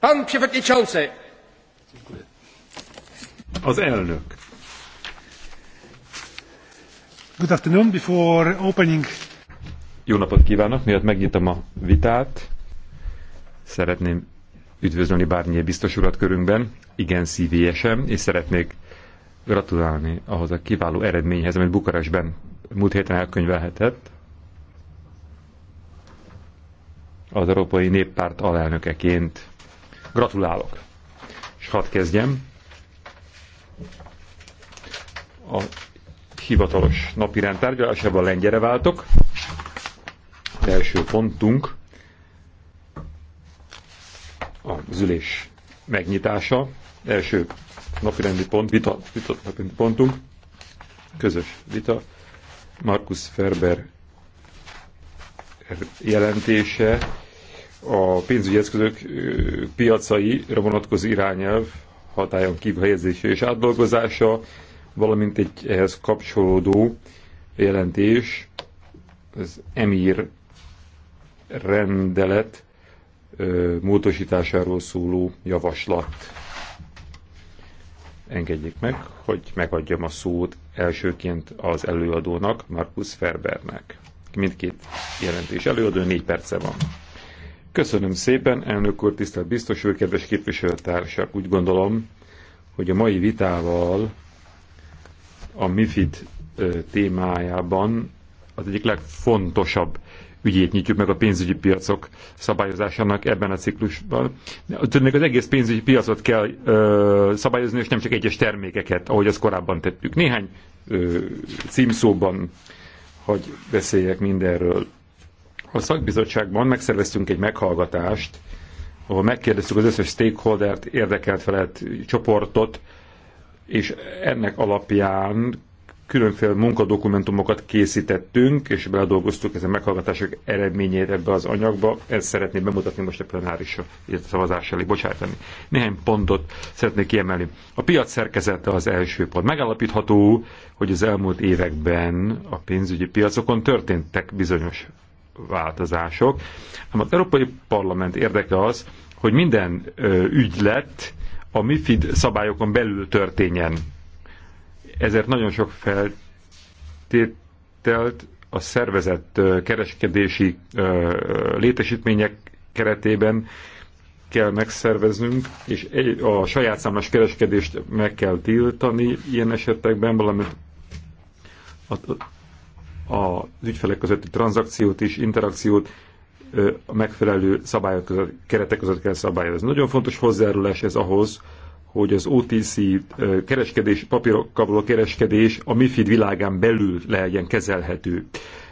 Pan przewodniczący! Az elnök. Good afternoon. Before opening... Jó napot kívánok! Miatt megnyitom a vitát, szeretném üdvözölni Bárnyé biztos urat körünkben, igen szívélyesen, és szeretnék gratulálni ahhoz a kiváló eredményhez, amit Bukarestben múlt héten elkönyvelhetett. Az Európai Néppárt alelnökeként Gratulálok! És hadd kezdjem a hivatalos napi rendtárgyalásában lengyere váltok. Az első pontunk a zülés megnyitása. Első napirendi pont, vita, vita napirendi pontunk, közös vita. Markus Ferber jelentése a pénzügyi eszközök piacaira vonatkozó irányelv hatályon kívül helyezése és átdolgozása, valamint egy ehhez kapcsolódó jelentés, az EMIR rendelet módosításáról szóló javaslat. Engedjék meg, hogy megadjam a szót elsőként az előadónak, Markus Ferbernek. Mindkét jelentés előadó négy perce van. Köszönöm szépen, elnök úr, tisztelt biztos úr, kedves képviselőtársak! Úgy gondolom, hogy a mai vitával a MIFID témájában az egyik legfontosabb ügyét nyitjuk meg a pénzügyi piacok szabályozásának ebben a ciklusban. Tudnék, az egész pénzügyi piacot kell ö, szabályozni, és nem csak egyes termékeket, ahogy azt korábban tettük. Néhány ö, címszóban, hogy beszéljek mindenről. A szakbizottságban megszerveztünk egy meghallgatást, ahol megkérdeztük az összes stakeholdert, érdekelt felett csoportot, és ennek alapján különféle munkadokumentumokat készítettünk, és beledolgoztuk ezen meghallgatások eredményét ebbe az anyagba. Ezt szeretném bemutatni most a plenárisra, illetve szavazás elé, bocsájtani. Néhány pontot szeretnék kiemelni. A piac szerkezete az első pont. Megállapítható, hogy az elmúlt években a pénzügyi piacokon történtek bizonyos változások. Ám az Európai Parlament érdeke az, hogy minden ügylet a MIFID szabályokon belül történjen. Ezért nagyon sok feltételt a szervezett kereskedési létesítmények keretében kell megszerveznünk, és egy, a saját számos kereskedést meg kell tiltani ilyen esetekben, valamint a az ügyfelek közötti tranzakciót és interakciót a megfelelő szabályok között, keretek között kell szabályozni. Nagyon fontos hozzájárulás ez ahhoz, hogy az OTC kereskedés, papírokkal való kereskedés a MIFID világán belül legyen kezelhető.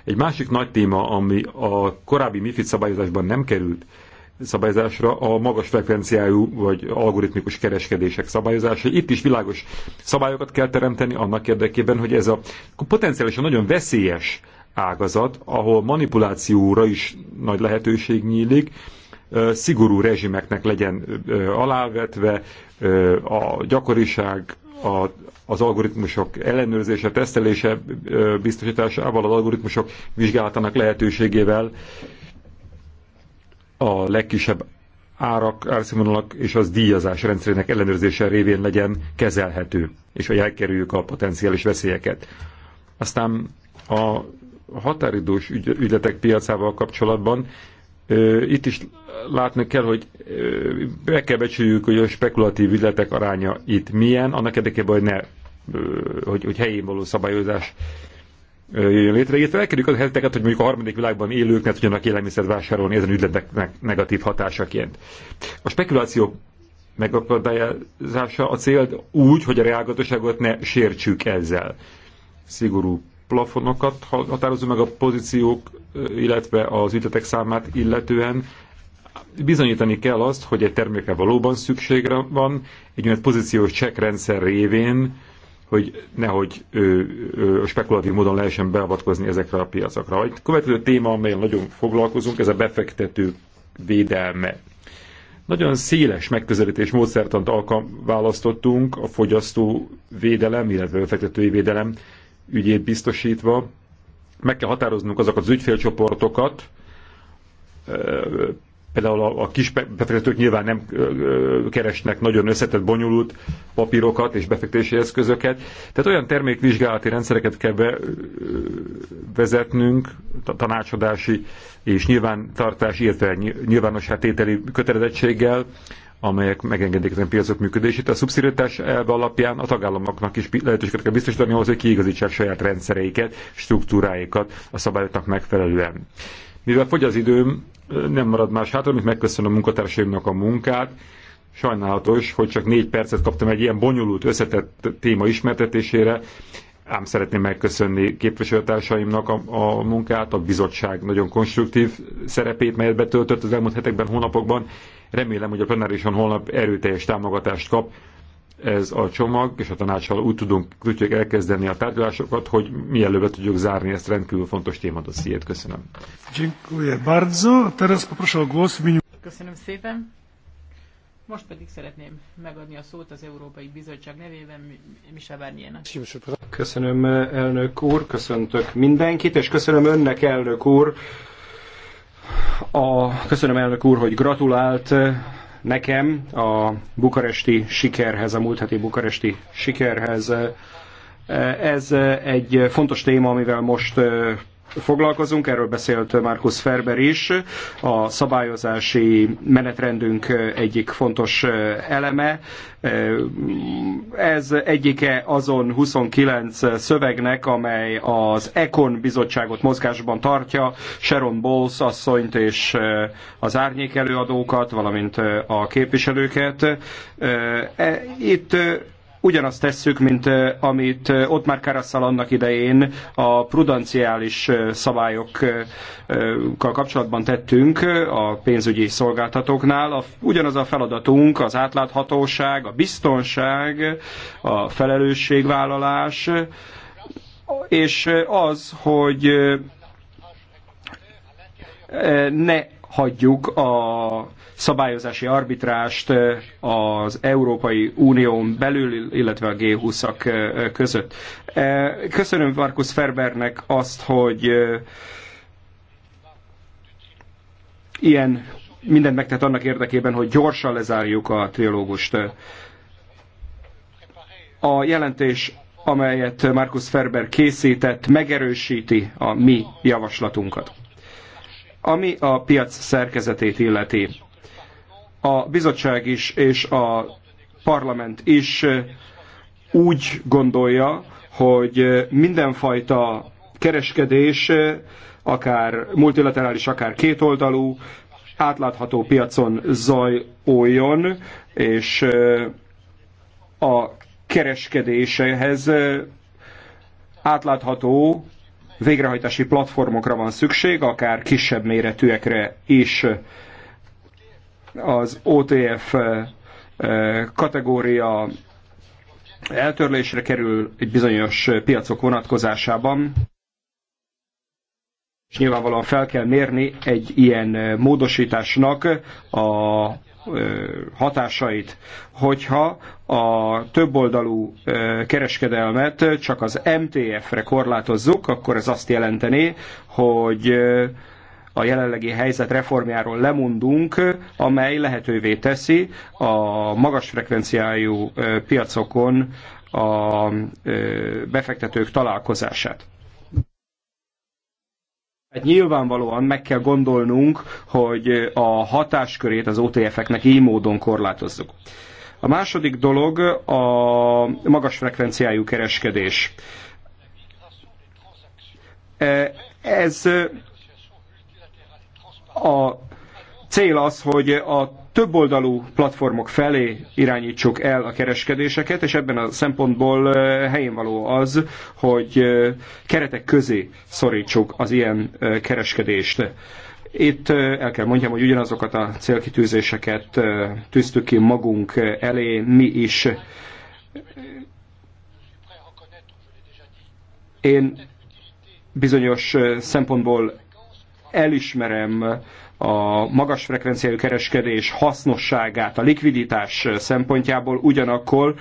Egy másik nagy téma, ami a korábbi MIFID szabályozásban nem került szabályozásra a magas frekvenciájú vagy algoritmikus kereskedések szabályozása. Itt is világos szabályokat kell teremteni annak érdekében, hogy ez a potenciálisan nagyon veszélyes ágazat, ahol manipulációra is nagy lehetőség nyílik, szigorú rezsimeknek legyen alávetve, a gyakoriság, a, az algoritmusok ellenőrzése, tesztelése biztosításával, az algoritmusok vizsgálatának lehetőségével a legkisebb árak, árszínvonalak és az díjazás rendszerének ellenőrzése révén legyen kezelhető, és hogy elkerüljük a potenciális veszélyeket. Aztán a határidős ügyletek piacával kapcsolatban ö, itt is látni kell, hogy be kell becsüljük, hogy a spekulatív ügyletek aránya itt milyen, annak érdekében, hogy ne, ö, hogy, hogy helyén való szabályozás jöjjön létre. Illetve elkerüljük az helyzeteket, hogy mondjuk a harmadik világban élők ne tudjanak élelmiszert vásárolni ezen ügyleteknek negatív hatásaként. A spekuláció megakadályozása a cél úgy, hogy a reálgazdaságot ne sértsük ezzel. Szigorú plafonokat határozunk meg a pozíciók, illetve az ütetek számát illetően. Bizonyítani kell azt, hogy egy termékre valóban szükségre van, egy olyan pozíciós csekrendszer révén, hogy nehogy ö, ö, spekulatív módon lehessen beavatkozni ezekre a piacokra. A következő téma, amelyen nagyon foglalkozunk, ez a befektető védelme. Nagyon széles megközelítés módszertant választottunk a fogyasztó védelem, illetve befektetői védelem ügyét biztosítva. Meg kell határoznunk azokat az ügyfélcsoportokat, Például a, a kis befektetők nyilván nem keresnek nagyon összetett, bonyolult papírokat és befektetési eszközöket. Tehát olyan termékvizsgálati rendszereket kell bevezetnünk, tanácsadási és nyilvántartási, illetve nyilvánossá tételi kötelezettséggel, amelyek megengedik ezen piacok működését. A szubszidiaritás elve alapján a tagállamoknak is lehetőséget kell biztosítani ahhoz, hogy kiigazítsák saját rendszereiket, struktúráikat a szabályoknak megfelelően. Mivel fogy az időm, nem marad más hátra, mint megköszönöm a munkatársaimnak a munkát. Sajnálatos, hogy csak négy percet kaptam egy ilyen bonyolult, összetett téma ismertetésére, ám szeretném megköszönni képviselőtársaimnak a, a munkát, a bizottság nagyon konstruktív szerepét, melyet betöltött az elmúlt hetekben, hónapokban. Remélem, hogy a plenárison holnap erőteljes támogatást kap ez a csomag, és a tanácssal úgy tudunk, tudjuk elkezdeni a tárgyalásokat, hogy mielőbb tudjuk zárni ezt rendkívül fontos témadossziét. Köszönöm. Köszönöm szépen. Most pedig szeretném megadni a szót az Európai Bizottság nevében Michel Barnier-nek. Köszönöm, elnök úr, köszöntök mindenkit, és köszönöm önnek, elnök úr, a, köszönöm elnök úr, hogy gratulált Nekem a bukaresti sikerhez, a múlt heti bukaresti sikerhez eh, ez egy fontos téma, amivel most eh, foglalkozunk, erről beszélt Markus Ferber is, a szabályozási menetrendünk egyik fontos eh, eleme. Eh, ez egyike azon 29 szövegnek, amely az Econ bizottságot mozgásban tartja, Sharon Bowles asszonyt és eh, az árnyék előadókat, valamint a képviselőket. E, itt ugyanazt tesszük, mint amit ott már Karasszal annak idején a prudenciális szabályokkal kapcsolatban tettünk a pénzügyi szolgáltatóknál. Ugyanaz a feladatunk az átláthatóság, a biztonság, a felelősségvállalás, és az, hogy ne hagyjuk a szabályozási arbitrást az Európai Unión belül, illetve a G20-ak között. Köszönöm Markus Ferbernek azt, hogy ilyen mindent megtett annak érdekében, hogy gyorsan lezárjuk a trilógust. A jelentés, amelyet Markus Ferber készített, megerősíti a mi javaslatunkat. Ami a piac szerkezetét illeti, a bizottság is és a parlament is úgy gondolja, hogy mindenfajta kereskedés, akár multilaterális, akár kétoldalú, átlátható piacon zajoljon, és a kereskedésehez átlátható végrehajtási platformokra van szükség, akár kisebb méretűekre is. Az OTF eh, eh, kategória eltörlésre kerül egy bizonyos piacok vonatkozásában. És nyilvánvalóan fel kell mérni egy ilyen eh, módosításnak a hatásait, hogyha a többoldalú kereskedelmet csak az MTF-re korlátozzuk, akkor ez azt jelenteni, hogy a jelenlegi helyzet reformjáról lemondunk, amely lehetővé teszi a magas frekvenciájú piacokon a befektetők találkozását. Hát nyilvánvalóan meg kell gondolnunk, hogy a hatáskörét az OTF-eknek így módon korlátozzuk. A második dolog a magas frekvenciájú kereskedés. E, ez a cél az, hogy a többoldalú platformok felé irányítsuk el a kereskedéseket, és ebben a szempontból helyén való az, hogy keretek közé szorítsuk az ilyen kereskedést. Itt el kell mondjam, hogy ugyanazokat a célkitűzéseket tűztük ki magunk elé, mi is. Én bizonyos szempontból elismerem a magas frekvenciájú kereskedés hasznosságát a likviditás szempontjából, ugyanakkor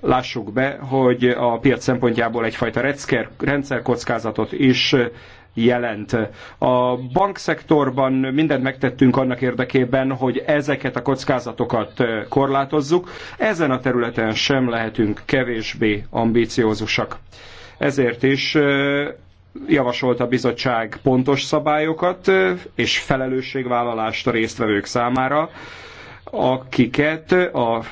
lássuk be, hogy a piac szempontjából egyfajta recker, rendszerkockázatot is jelent. A bankszektorban mindent megtettünk annak érdekében, hogy ezeket a kockázatokat korlátozzuk. Ezen a területen sem lehetünk kevésbé ambíciózusak. Ezért is javasolt a bizottság pontos szabályokat és felelősségvállalást a résztvevők számára, akiket a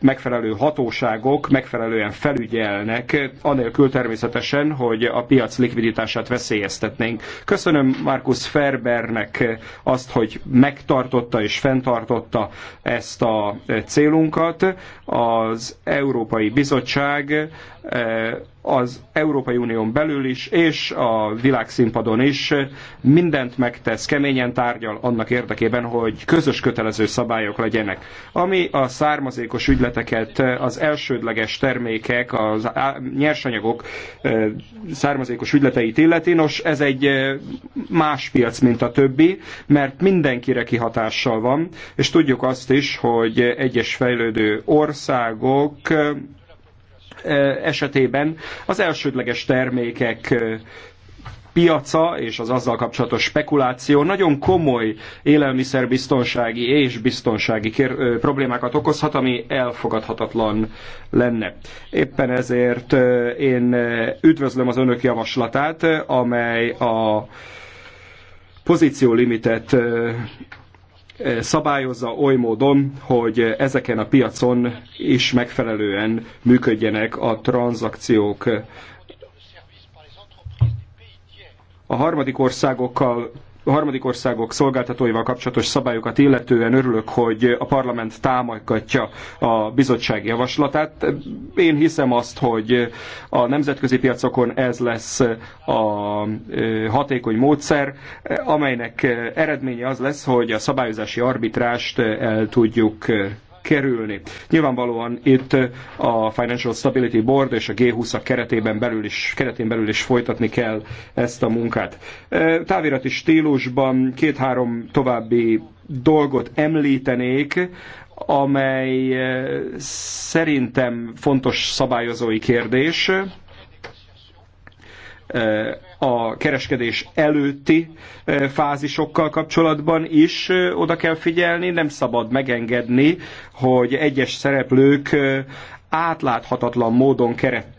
megfelelő hatóságok megfelelően felügyelnek, anélkül természetesen, hogy a piac likviditását veszélyeztetnénk. Köszönöm Markus Ferbernek azt, hogy megtartotta és fenntartotta ezt a célunkat az Európai Bizottság eh, az Európai Unión belül is, és a világszínpadon is mindent megtesz, keményen tárgyal annak érdekében, hogy közös kötelező szabályok legyenek. Ami a származékos ügyleteket, az elsődleges termékek, az nyersanyagok eh, származékos ügyleteit illeti, nos, ez egy eh, más piac, mint a többi, mert mindenkire kihatással van, és tudjuk azt is, hogy egyes fejlődő országok, országok esetében az elsődleges termékek piaca és az azzal kapcsolatos spekuláció nagyon komoly élelmiszerbiztonsági és biztonsági kér, problémákat okozhat, ami elfogadhatatlan lenne. Éppen ezért én üdvözlöm az önök javaslatát, amely a pozíciólimitet szabályozza oly módon, hogy ezeken a piacon is megfelelően működjenek a tranzakciók. A harmadik országokkal a harmadik országok szolgáltatóival kapcsolatos szabályokat illetően örülök, hogy a parlament támogatja a bizottság javaslatát. Én hiszem azt, hogy a nemzetközi piacokon ez lesz a e, hatékony módszer, amelynek eredménye az lesz, hogy a szabályozási arbitrást el tudjuk e, kerülni. Nyilvánvalóan itt a Financial Stability Board és a g 20 keretében belül is, keretén belül is folytatni kell ezt a munkát. E, távirati stílusban két-három további dolgot említenék, amely e, szerintem fontos szabályozói kérdés a kereskedés előtti e, fázisokkal kapcsolatban is e, oda kell figyelni, nem szabad megengedni, hogy egyes szereplők e, átláthatatlan módon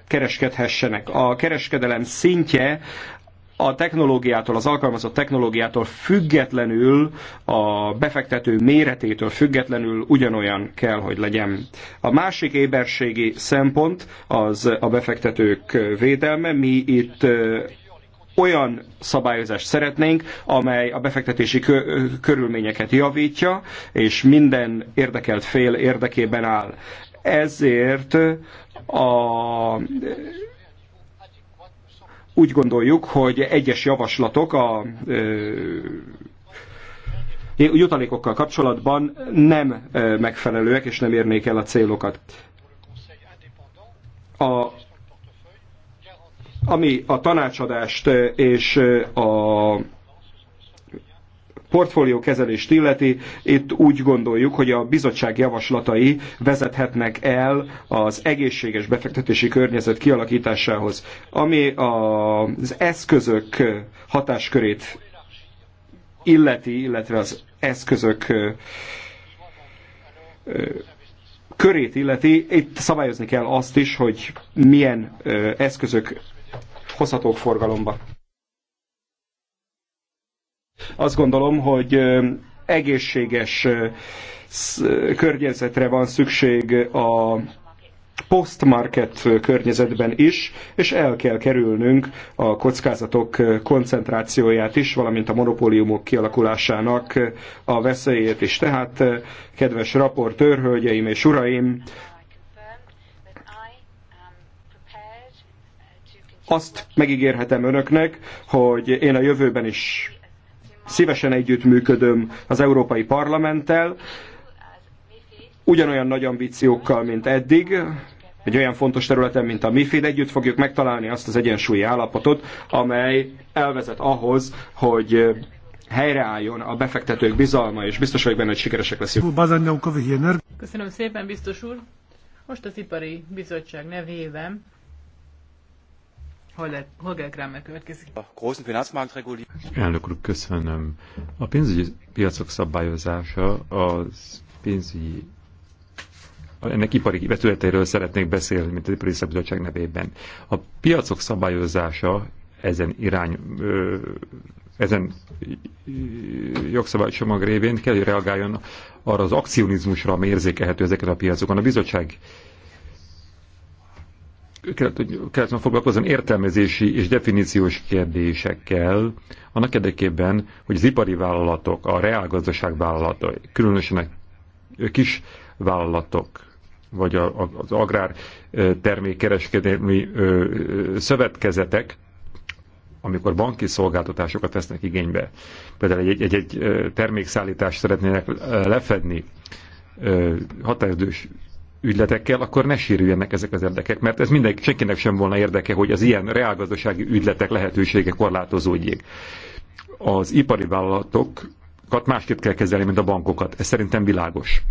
kereskedhessenek. A kereskedelem szintje a technológiától, az alkalmazott technológiától függetlenül, a befektető méretétől függetlenül ugyanolyan kell, hogy legyen. A másik éberségi szempont az a befektetők védelme. Mi itt olyan szabályozást szeretnénk, amely a befektetési körülményeket javítja, és minden érdekelt fél érdekében áll. Ezért a úgy gondoljuk, hogy egyes javaslatok a jutalékokkal kapcsolatban nem megfelelőek és nem érnék el a célokat. A, ami a tanácsadást és a portfóliókezelést illeti, itt úgy gondoljuk, hogy a bizottság javaslatai vezethetnek el az egészséges befektetési környezet kialakításához, ami az eszközök hatáskörét illeti, illetve az eszközök körét illeti, itt szabályozni kell azt is, hogy milyen eszközök hozhatók forgalomba. Azt gondolom, hogy egészséges környezetre van szükség a postmarket környezetben is, és el kell kerülnünk a kockázatok koncentrációját is, valamint a monopóliumok kialakulásának a veszélyét is. Tehát, kedves raportőr, hölgyeim és uraim, azt megígérhetem önöknek, hogy én a jövőben is Szívesen együttműködöm az Európai Parlamenttel, ugyanolyan nagy ambíciókkal, mint eddig, egy olyan fontos területen, mint a MIFID, együtt fogjuk megtalálni azt az egyensúlyi állapotot, amely elvezet ahhoz, hogy helyreálljon a befektetők bizalma, és biztos vagyok benne, hogy sikeresek leszünk. Köszönöm szépen, biztos úr! Most az Ipari Bizottság nevében Elnök úr, köszönöm. A pénzügyi piacok szabályozása az pénzügyi ennek ipari vetületeiről szeretnék beszélni, mint az Ipari Szabadság nevében. A piacok szabályozása ezen irány, ezen jogszabálycsomag révén kell, hogy reagáljon arra az akcionizmusra, ami érzékelhető ezeken a piacokon. A bizottság kellett volna foglalkozom értelmezési és definíciós kérdésekkel, annak érdekében, hogy az ipari vállalatok, a reálgazdaság vállalatai, különösen a kis vállalatok, vagy a, a, az agrár termékkereskedelmi szövetkezetek, amikor banki szolgáltatásokat vesznek igénybe, például egy, egy, egy termékszállítást szeretnének lefedni, határidős ügyletekkel, akkor ne sérüljenek ezek az érdekek, mert ez mindenki, senkinek sem volna érdeke, hogy az ilyen reálgazdasági ügyletek lehetősége korlátozódjék. Az ipari vállalatokat másképp kell kezelni, mint a bankokat. Ez szerintem világos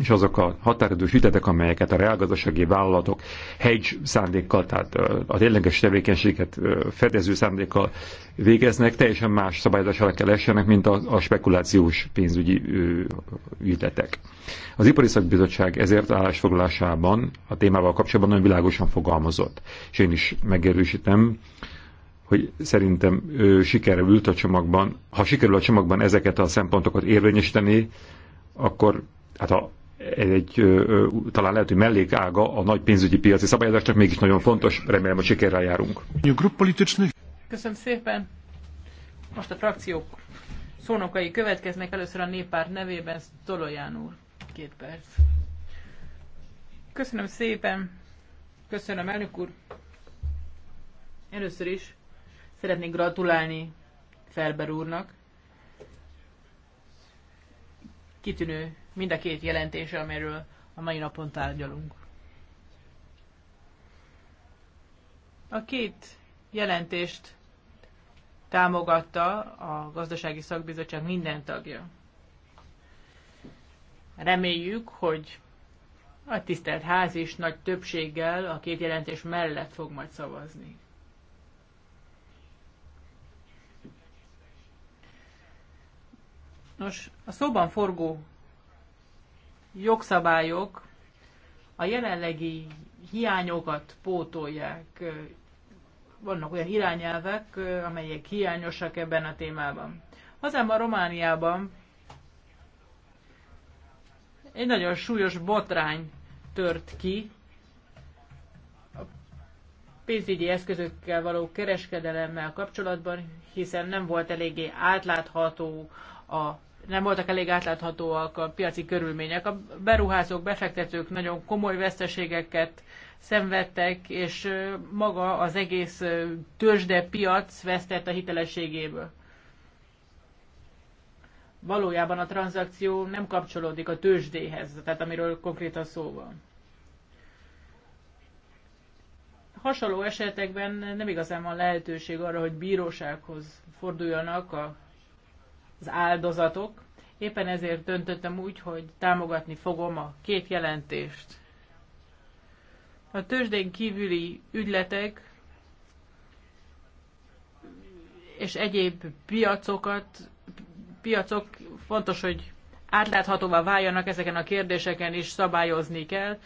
és azok a határidős ütetek, amelyeket a reálgazdasági vállalatok hedge szándékkal, tehát a tényleges tevékenységet fedező szándékkal végeznek, teljesen más szabályozás alá kell essenek, mint a, a spekulációs pénzügyi ütetek. Az Ipari Szakbizottság ezért állásfoglalásában a témával kapcsolatban nagyon világosan fogalmazott, és én is megerősítem, hogy szerintem ő sikerült a csomagban, ha sikerül a csomagban ezeket a szempontokat érvényesíteni, akkor hát a egy talán lehet, hogy mellékága a nagy pénzügyi piaci szabályozásnak mégis nagyon fontos, remélem, hogy sikerrel járunk. Köszönöm szépen. Most a frakciók szónokai következnek, először a néppárt nevében Tolojan úr. Két perc. Köszönöm szépen. Köszönöm, elnök úr. Először is szeretnék gratulálni Felber úrnak. Kitűnő mind a két jelentése, amiről a mai napon tárgyalunk. A két jelentést támogatta a gazdasági szakbizottság minden tagja. Reméljük, hogy a tisztelt ház is nagy többséggel a két jelentés mellett fog majd szavazni. Nos, a szóban forgó jogszabályok a jelenlegi hiányokat pótolják. Vannak olyan irányelvek, amelyek hiányosak ebben a témában. Hazámban, Romániában egy nagyon súlyos botrány tört ki, pénzügyi eszközökkel való kereskedelemmel kapcsolatban, hiszen nem volt eléggé átlátható a nem voltak elég átláthatóak a piaci körülmények. A beruházók, befektetők nagyon komoly veszteségeket szenvedtek, és maga az egész tőzsde piac vesztett a hitelességéből. Valójában a tranzakció nem kapcsolódik a tőzsdéhez, tehát amiről konkrétan szó van. Hasonló esetekben nem igazán van lehetőség arra, hogy bírósághoz forduljanak a az áldozatok. Éppen ezért döntöttem úgy, hogy támogatni fogom a két jelentést. A tőzsdén kívüli ügyletek és egyéb piacokat, piacok fontos, hogy átláthatóvá váljanak ezeken a kérdéseken is szabályozni kell,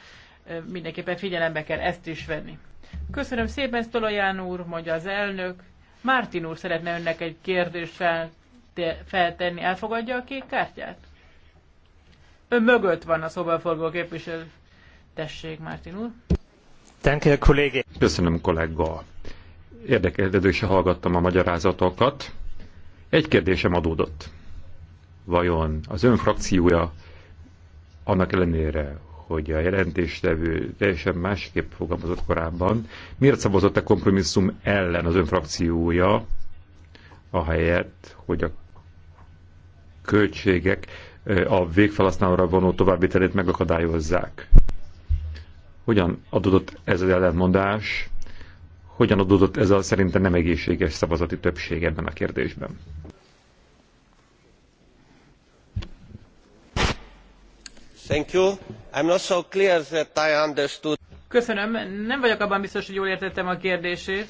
mindenképpen figyelembe kell ezt is venni. Köszönöm szépen, Stoloján úr, mondja az elnök. Mártin úr szeretne önnek egy kérdést fel, feltenni. Elfogadja a kék kártyát? Ön mögött van a szobaforgó képviselő. Tessék, Mártin úr. Danke, kollégé. Köszönöm, kollega. Érdeklődősen hallgattam a magyarázatokat. Egy kérdésem adódott. Vajon az ön frakciója annak ellenére, hogy a jelentéstevő teljesen másképp fogalmazott korábban, miért szavazott a kompromisszum ellen az ön frakciója, ahelyett, hogy a költségek a végfelhasználóra vonó terét megakadályozzák. Hogyan adódott ez az ellentmondás? Hogyan adódott ez a szerintem nem egészséges szavazati többség ebben a kérdésben? Thank you. I'm not so clear that I understood. Köszönöm. Nem vagyok abban biztos, hogy jól értettem a kérdését.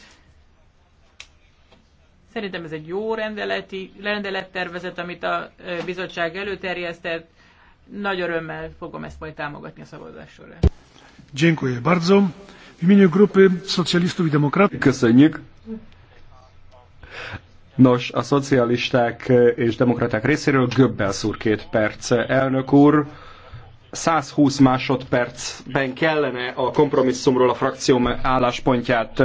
Szerintem ez egy jó rendeleti, rendelettervezet, amit a bizottság előterjesztett. Nagy örömmel fogom ezt majd támogatni a szavazás során. Dziękuję bardzo. W imieniu grupy socjalistów i demokratów. Köszönjük. Nos, a szocialisták és demokraták részéről Göbbelsz úr két perc. Elnök úr, 120 másodpercben kellene a kompromisszumról a frakcióm álláspontját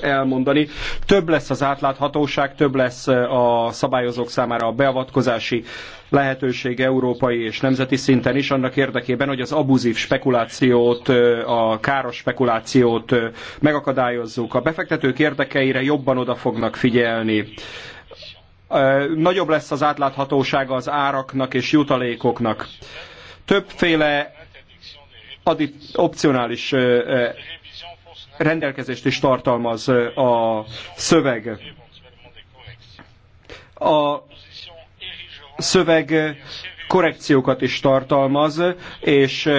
elmondani. Több lesz az átláthatóság, több lesz a szabályozók számára a beavatkozási lehetőség európai és nemzeti szinten is, annak érdekében, hogy az abuzív spekulációt, a káros spekulációt megakadályozzuk. A befektetők érdekeire jobban oda fognak figyelni nagyobb lesz az átláthatósága az áraknak és jutalékoknak. Többféle adi opcionális rendelkezést is tartalmaz a szöveg. A szöveg korrekciókat is tartalmaz, és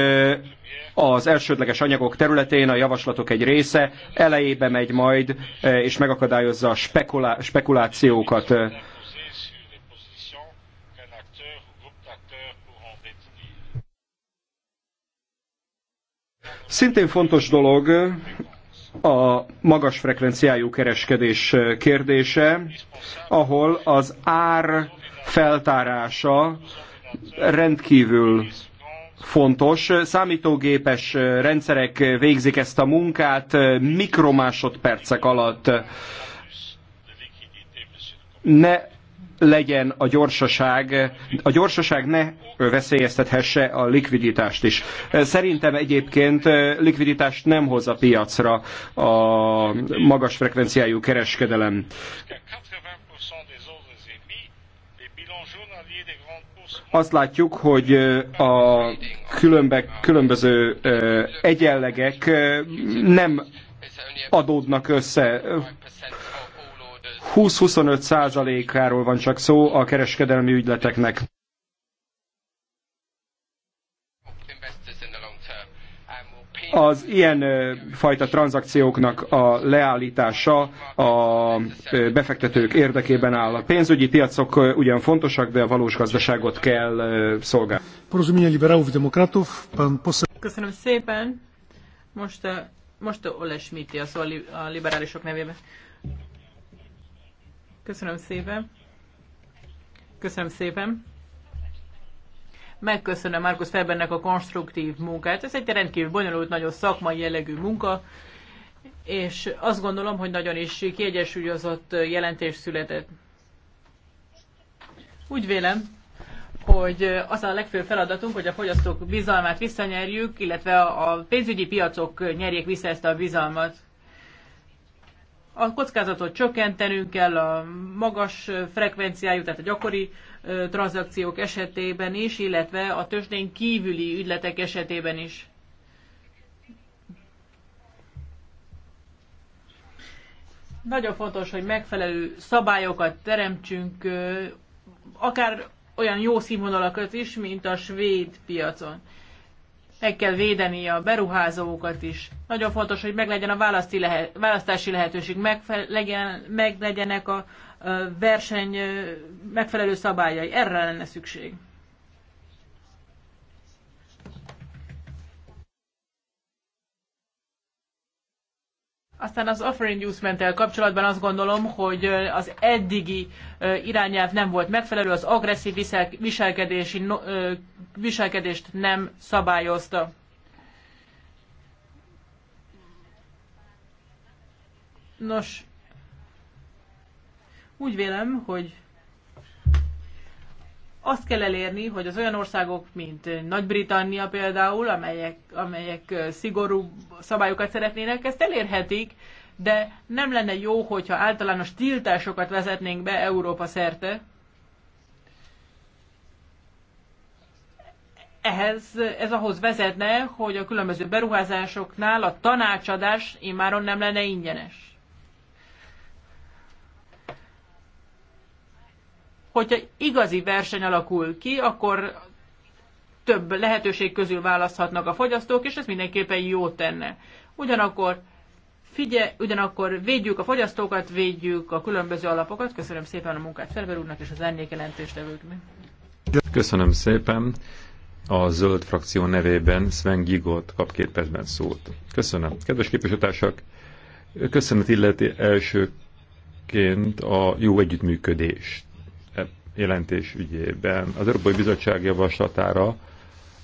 az elsődleges anyagok területén a javaslatok egy része elejébe megy majd, és megakadályozza a spekulációkat. Szintén fontos dolog a magas frekvenciájú kereskedés kérdése, ahol az ár feltárása rendkívül fontos. Számítógépes rendszerek végzik ezt a munkát mikromásodpercek alatt. Ne legyen a gyorsaság, a gyorsaság ne veszélyeztethesse a likviditást is. Szerintem egyébként likviditást nem hoz a piacra a magas frekvenciájú kereskedelem. azt látjuk, hogy a különbe, különböző egyenlegek nem adódnak össze. 20-25 százalékáról van csak szó a kereskedelmi ügyleteknek. az ilyen fajta tranzakcióknak a leállítása a befektetők érdekében áll. A pénzügyi piacok ugyan fontosak, de a valós gazdaságot kell szolgálni. Köszönöm szépen. Most, most Oles Schmidt a szó a liberálisok nevében. Köszönöm szépen. Köszönöm szépen. Megköszönöm Markus Ferbennek a konstruktív munkát. Ez egy rendkívül bonyolult, nagyon szakmai jellegű munka, és azt gondolom, hogy nagyon is kiegyensúlyozott jelentés született. Úgy vélem, hogy az a legfőbb feladatunk, hogy a fogyasztók bizalmát visszanyerjük, illetve a pénzügyi piacok nyerjék vissza ezt a bizalmat. A kockázatot csökkentenünk kell a magas frekvenciájú, tehát a gyakori tranzakciók esetében is, illetve a tőzsdén kívüli ügyletek esetében is. Nagyon fontos, hogy megfelelő szabályokat teremtsünk, akár olyan jó színvonalakat is, mint a svéd piacon meg kell védeni a beruházókat is. Nagyon fontos, hogy meglegyen a választi lehet, választási lehetőség, megfe, legyen, meglegyenek a, a verseny megfelelő szabályai. Erre lenne szükség. Aztán az offer tel kapcsolatban azt gondolom, hogy az eddigi irányelv nem volt megfelelő, az agresszív viselkedési, viselkedést nem szabályozta. Nos, úgy vélem, hogy azt kell elérni, hogy az olyan országok, mint eh, Nagy-Britannia például, amelyek, amelyek eh, szigorú szabályokat szeretnének, ezt elérhetik, de nem lenne jó, hogyha általános tiltásokat vezetnénk be Európa szerte. Ehhez, ez ahhoz vezetne, hogy a különböző beruházásoknál a tanácsadás immáron nem lenne ingyenes. Hogyha igazi verseny alakul ki, akkor több lehetőség közül választhatnak a fogyasztók, és ez mindenképpen jó tenne. Ugyanakkor figye, ugyanakkor védjük a fogyasztókat, védjük a különböző alapokat. Köszönöm szépen a munkát Ferber úrnak és az árnyékjelentéstevőknek. Köszönöm szépen. A zöld frakció nevében Sven Gigot kap két percben szót. Köszönöm. Kedves képviselőtársak, köszönet illeti elsőként a jó együttműködést jelentés ügyében az Európai Bizottság javaslatára,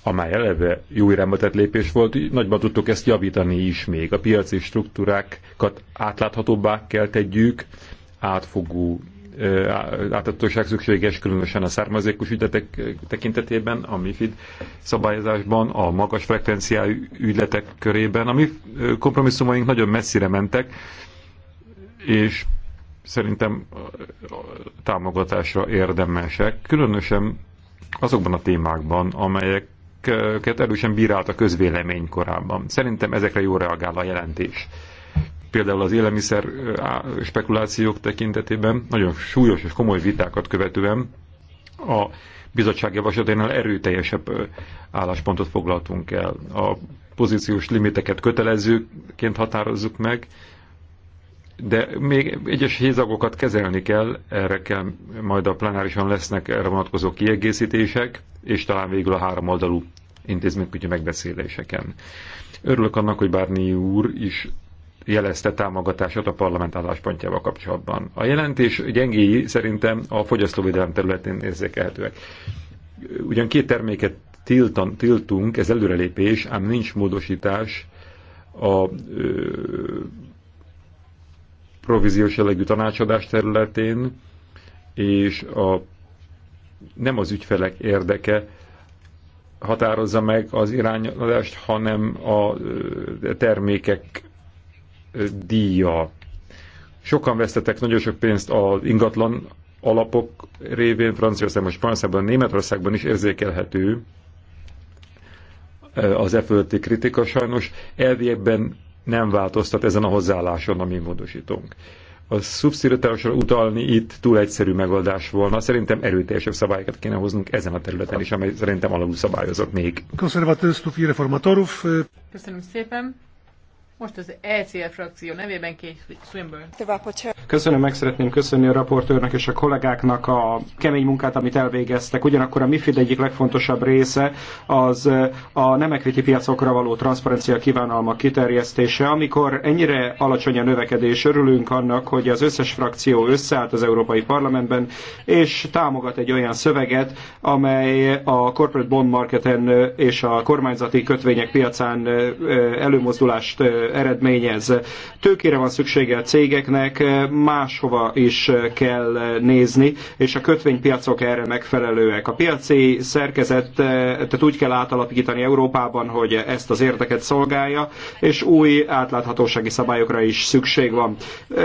amely eleve jó irányba tett lépés volt, nagyban tudtuk ezt javítani is még. A piaci struktúrákat átláthatóbbá kell tegyük, átfogó láthatóság szükséges, különösen a származékos ügyletek tekintetében, a MIFID szabályozásban, a magas frekvenciájú ügyletek körében. A mi kompromisszumaink nagyon messzire mentek, és szerintem támogatásra érdemesek, különösen azokban a témákban, amelyeket erősen bírált a közvélemény korábban. Szerintem ezekre jól reagál a jelentés. Például az élelmiszer spekulációk tekintetében nagyon súlyos és komoly vitákat követően a bizottság javaslaténál erőteljesebb álláspontot foglaltunk el. A pozíciós limiteket kötelezőként határozzuk meg, de még egyes hézagokat kezelni kell, erre kell majd a plenárisan lesznek erre vonatkozó kiegészítések, és talán végül a három oldalú intézményközi megbeszéléseken. Örülök annak, hogy Bárni úr is jelezte támogatását a parlament álláspontjával kapcsolatban. A jelentés gyengéi szerintem a fogyasztóvédelem területén érzékelhetőek. Ugyan két terméket tiltan, tiltunk, ez előrelépés, ám nincs módosítás a ö, províziós jellegű tanácsadás területén, és a, nem az ügyfelek érdeke határozza meg az irányadást, hanem a termékek díja. Sokan vesztetek nagyon sok pénzt az ingatlan alapok révén, Franciaországban, Spanyolországban, Németországban is érzékelhető az e fölötti kritika. Sajnos elviekben nem változtat ezen a hozzáálláson amit módosítunk. A szubszidiaritásra utalni itt túl egyszerű megoldás volna. Szerintem erőteljesebb szabályokat kéne hoznunk ezen a területen is, amely szerintem alul szabályozott még. Konservatőr reformatorów. Köszönöm szépen. Most az ECL frakció nevében Kate Swinburne. Köszönöm, meg szeretném köszönni a raportőrnek és a kollégáknak a kemény munkát, amit elvégeztek. Ugyanakkor a MIFID egyik legfontosabb része az eh, a nem equity piacokra való transzparencia kívánalma kiterjesztése. Amikor ennyire alacsony a növekedés, örülünk annak, hogy az összes frakció összeállt az Európai Parlamentben, és támogat egy olyan szöveget, amely a corporate bond marketen eh, és a kormányzati kötvények piacán eh, előmozdulást eredményez. Tőkére van szüksége a cégeknek, máshova is kell nézni, és a kötvénypiacok erre megfelelőek. A piaci szerkezetet úgy kell átalakítani Európában, hogy ezt az érdeket szolgálja, és új átláthatósági szabályokra is szükség van.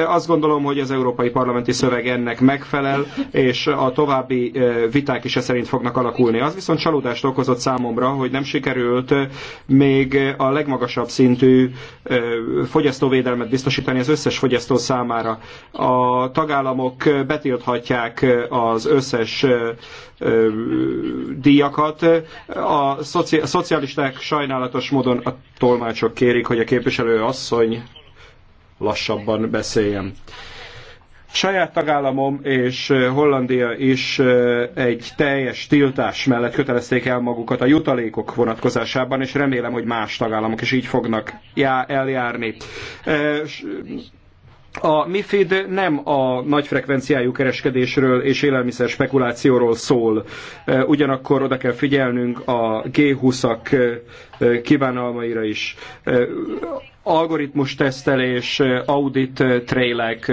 Azt gondolom, hogy az Európai Parlamenti Szöveg ennek megfelel, és a további viták is e szerint fognak alakulni. Az viszont csalódást okozott számomra, hogy nem sikerült még a legmagasabb szintű fogyasztóvédelmet biztosítani az összes fogyasztó számára. A tagállamok betilthatják az összes díjakat. A szoci szocialisták sajnálatos módon a tolmácsok kérik, hogy a képviselő asszony lassabban beszéljen. Saját tagállamom és Hollandia is egy teljes tiltás mellett kötelezték el magukat a jutalékok vonatkozásában, és remélem, hogy más tagállamok is így fognak eljárni. A MIFID nem a nagy frekvenciájú kereskedésről és élelmiszer spekulációról szól. Ugyanakkor oda kell figyelnünk a G20-ak kívánalmaira is algoritmus tesztelés, audit trailek,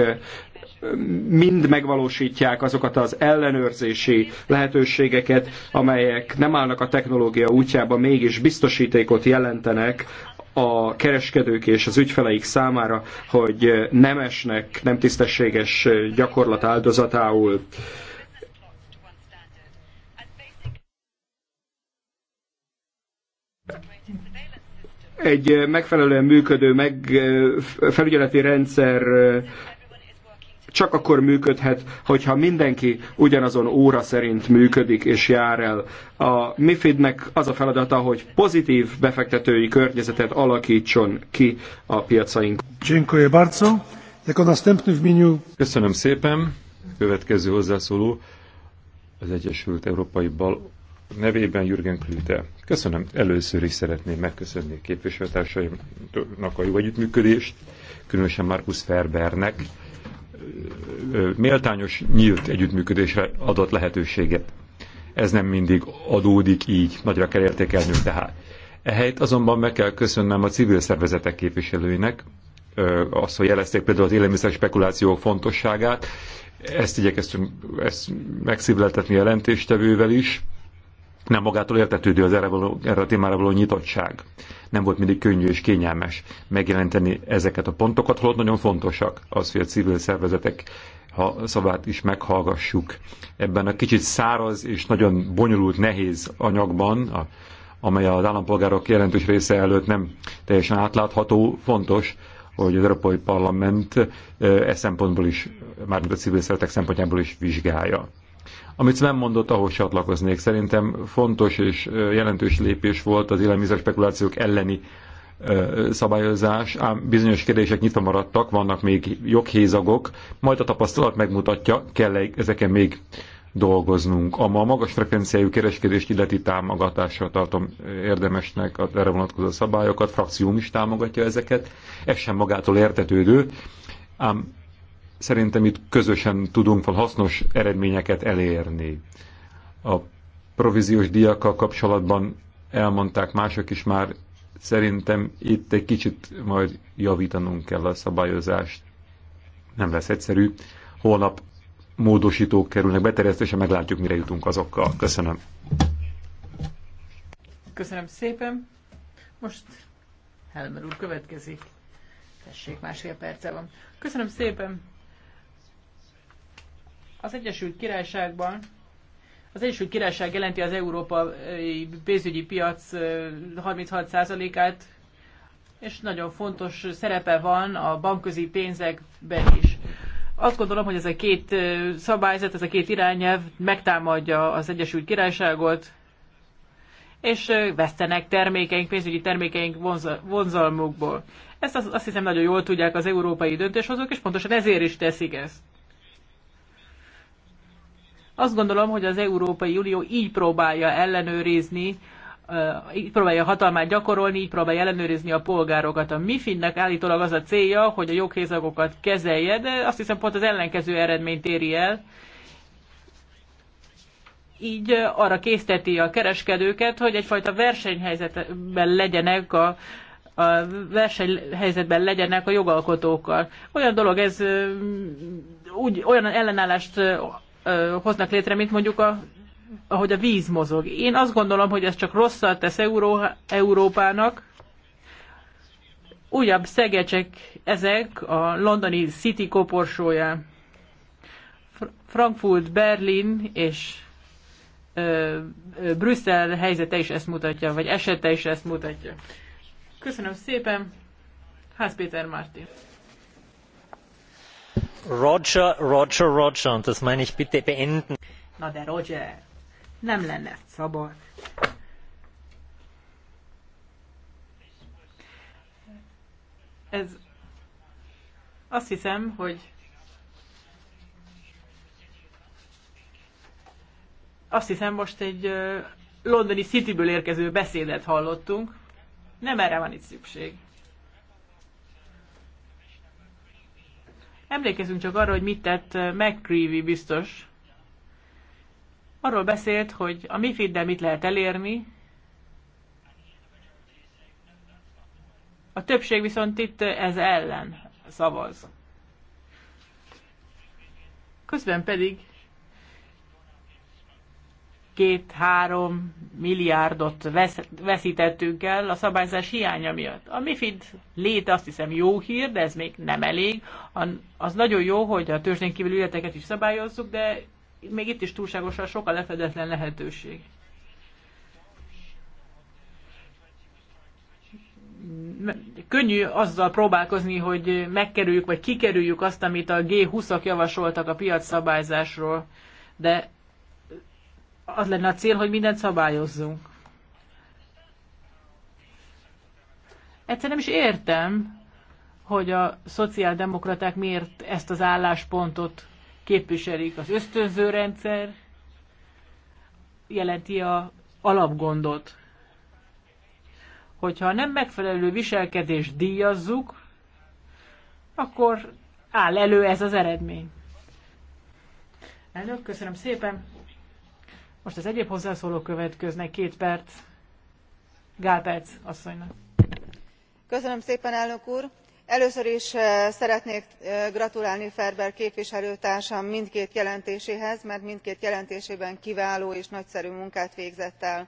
mind megvalósítják azokat az ellenőrzési lehetőségeket, amelyek nem állnak a technológia útjába, mégis biztosítékot jelentenek a kereskedők és az ügyfeleik számára, hogy nem esnek nem tisztességes gyakorlat áldozatául. egy megfelelően működő meg, felügyeleti rendszer csak akkor működhet, hogyha mindenki ugyanazon óra szerint működik és jár el. A MIFID-nek az a feladata, hogy pozitív befektetői környezetet alakítson ki a piacaink. Köszönöm szépen. Következő hozzászóló az Egyesült Európai Bal nevében Jürgen Klüte. Köszönöm, először is szeretném megköszönni képviselőtársaimnak a jó együttműködést, különösen Markus Ferbernek, méltányos, nyílt együttműködésre adott lehetőséget. Ez nem mindig adódik így, nagyra kell értékelnünk tehát. Ehelyett azonban meg kell köszönnem a civil szervezetek képviselőinek, azt, hogy jelezték például az élelmiszer spekulációk fontosságát, ezt igyekeztünk ezt megszívletetni jelentéstevővel is, nem magától értetődő az erre, való, erre a témára való nyitottság. Nem volt mindig könnyű és kényelmes megjelenteni ezeket a pontokat, holott nagyon fontosak az, hogy a civil szervezetek ha szavát is meghallgassuk. Ebben a kicsit száraz és nagyon bonyolult, nehéz anyagban, a, amely az állampolgárok jelentős része előtt nem teljesen átlátható, fontos, hogy az Európai Parlament e, e szempontból is, mármint a civil szervezetek szempontjából is vizsgálja amit nem mondott, ahhoz csatlakoznék. Szerintem fontos és jelentős lépés volt az élelmiszer spekulációk elleni szabályozás, ám bizonyos kérdések nyitva maradtak, vannak még joghézagok, majd a tapasztalat megmutatja, kell -e ezeken még dolgoznunk. A ma magas frekvenciájú kereskedést illeti támogatásra tartom érdemesnek a erre vonatkozó szabályokat, frakcióm is támogatja ezeket, ez sem magától értetődő, ám Szerintem itt közösen tudunk fel hasznos eredményeket elérni. A províziós díjakkal kapcsolatban elmondták mások is már, szerintem itt egy kicsit majd javítanunk kell a szabályozást. Nem lesz egyszerű. Holnap módosítók kerülnek beterjesztésre, meglátjuk, mire jutunk azokkal. Köszönöm. Köszönöm szépen. Most Helmer úr következik. Tessék, másfél perce van. Köszönöm szépen. Az Egyesült Királyságban az Egyesült Királyság jelenti az európai pénzügyi piac 36%-át, és nagyon fontos szerepe van a bankközi pénzekben is. Azt gondolom, hogy ez a két szabályzat, ez a két irányelv megtámadja az Egyesült Királyságot, és vesztenek termékeink, pénzügyi termékeink vonzalmukból. Ezt azt hiszem nagyon jól tudják az európai döntéshozók, és pontosan ezért is teszik ezt. Azt gondolom, hogy az Európai Unió így próbálja ellenőrizni, így próbálja hatalmát gyakorolni, így próbálja ellenőrizni a polgárokat. A MIFIN-nek állítólag az a célja, hogy a joghézagokat kezelje, de azt hiszem pont az ellenkező eredményt éri el. Így arra készteti a kereskedőket, hogy egyfajta versenyhelyzetben legyenek a, a versenyhelyzetben legyenek a jogalkotókkal. Olyan dolog ez, úgy, olyan ellenállást hoznak létre, mint mondjuk a, ahogy a víz mozog. Én azt gondolom, hogy ez csak rosszat tesz Euró, Európának. Újabb szegecsek ezek a londoni City koporsója. Frankfurt, Berlin és ö, ö, Brüsszel helyzete is ezt mutatja, vagy esete is ezt mutatja. Köszönöm szépen, Ház Péter Mártin. Roger, Roger, Roger, und das meine ich bitte beenden. Na de Roger, nem lenne szabad. Ez azt hiszem, hogy azt hiszem most egy londoni Cityből érkező beszédet hallottunk. Nem erre van itt szükség. Emlékezünk csak arra, hogy mit tett eh, McCreevy biztos. Arról beszélt, hogy a mi del mit lehet elérni, a többség viszont itt eh, ez ellen szavaz. Közben pedig két-három milliárdot vesz, veszítettünk el a szabályzás hiánya miatt. A MIFID léte azt hiszem jó hír, de ez még nem elég. Az nagyon jó, hogy a tőzsdén kívül ügyleteket is szabályozzuk, de még itt is túlságosan sok a lefedetlen lehetőség. könnyű azzal próbálkozni, hogy megkerüljük vagy kikerüljük azt, amit a G20-ak javasoltak a piac szabályzásról, de az lenne a cél, hogy mindent szabályozzunk. Egyszer nem is értem, hogy a szociáldemokraták miért ezt az álláspontot képviselik. Az ösztönző rendszer jelenti a alapgondot. Hogyha nem megfelelő viselkedést díjazzuk, akkor áll elő ez az eredmény. Elnök, köszönöm szépen! Most az egyéb hozzászólók következnek, két perc. Gál Perc asszonynak. Köszönöm szépen, elnök úr! először is eh, szeretnék eh, gratulálni ferber képviselőtársam mindkét jelentéséhez mert mindkét jelentésében kiváló és nagyszerű munkát végzett el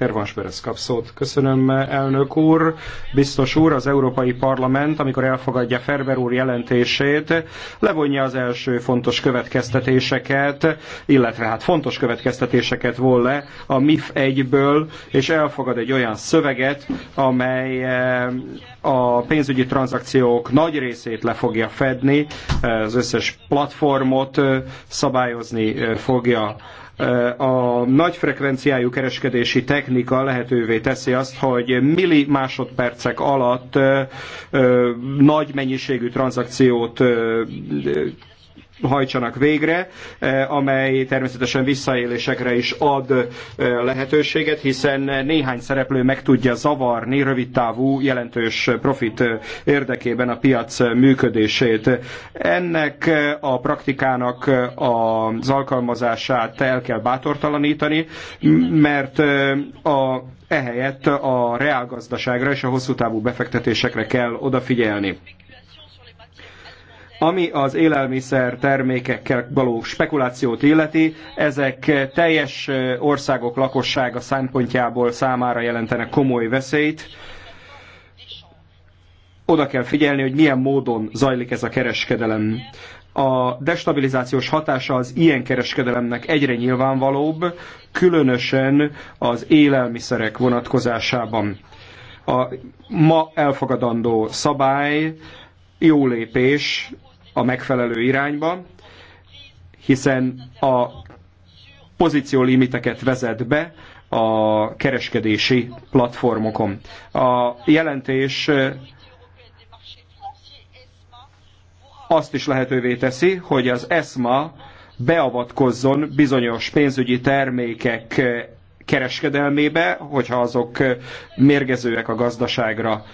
Pervans kap szót. Köszönöm, elnök úr. Biztos úr, az Európai Parlament, amikor elfogadja Ferber úr jelentését, levonja az első fontos következtetéseket, illetve hát fontos következtetéseket von le a MIF 1-ből, és elfogad egy olyan szöveget, amely eh, a pénzügyi tranzakciók nagy részét le fogja fedni, eh, az összes platformot eh, szabályozni fogja Eh, a nagy frekvenciájú kereskedési technika lehetővé teszi azt, hogy milli másodpercek alatt eh, eh, nagy mennyiségű tranzakciót hajtsanak végre, eh, amely természetesen visszaélésekre is ad eh, lehetőséget, hiszen néhány szereplő meg tudja zavarni rövidtávú jelentős profit eh, érdekében a piac működését. Ennek a praktikának az alkalmazását el kell bátortalanítani, mert a ehelyett a reálgazdaságra és a hosszú távú befektetésekre kell odafigyelni. Ami az élelmiszer termékekkel való spekulációt illeti, ezek teljes országok lakossága szempontjából számára jelentenek komoly veszélyt. Oda kell figyelni, hogy milyen módon zajlik ez a kereskedelem. A destabilizációs hatása az ilyen kereskedelemnek egyre nyilvánvalóbb, különösen az élelmiszerek vonatkozásában. A ma elfogadandó szabály jó lépés a megfelelő irányba, hiszen a pozíciólimiteket vezet be a kereskedési platformokon. A jelentés azt is lehetővé teszi, hogy az ESMA beavatkozzon bizonyos pénzügyi termékek kereskedelmébe, hogyha azok mérgezőek a gazdaságra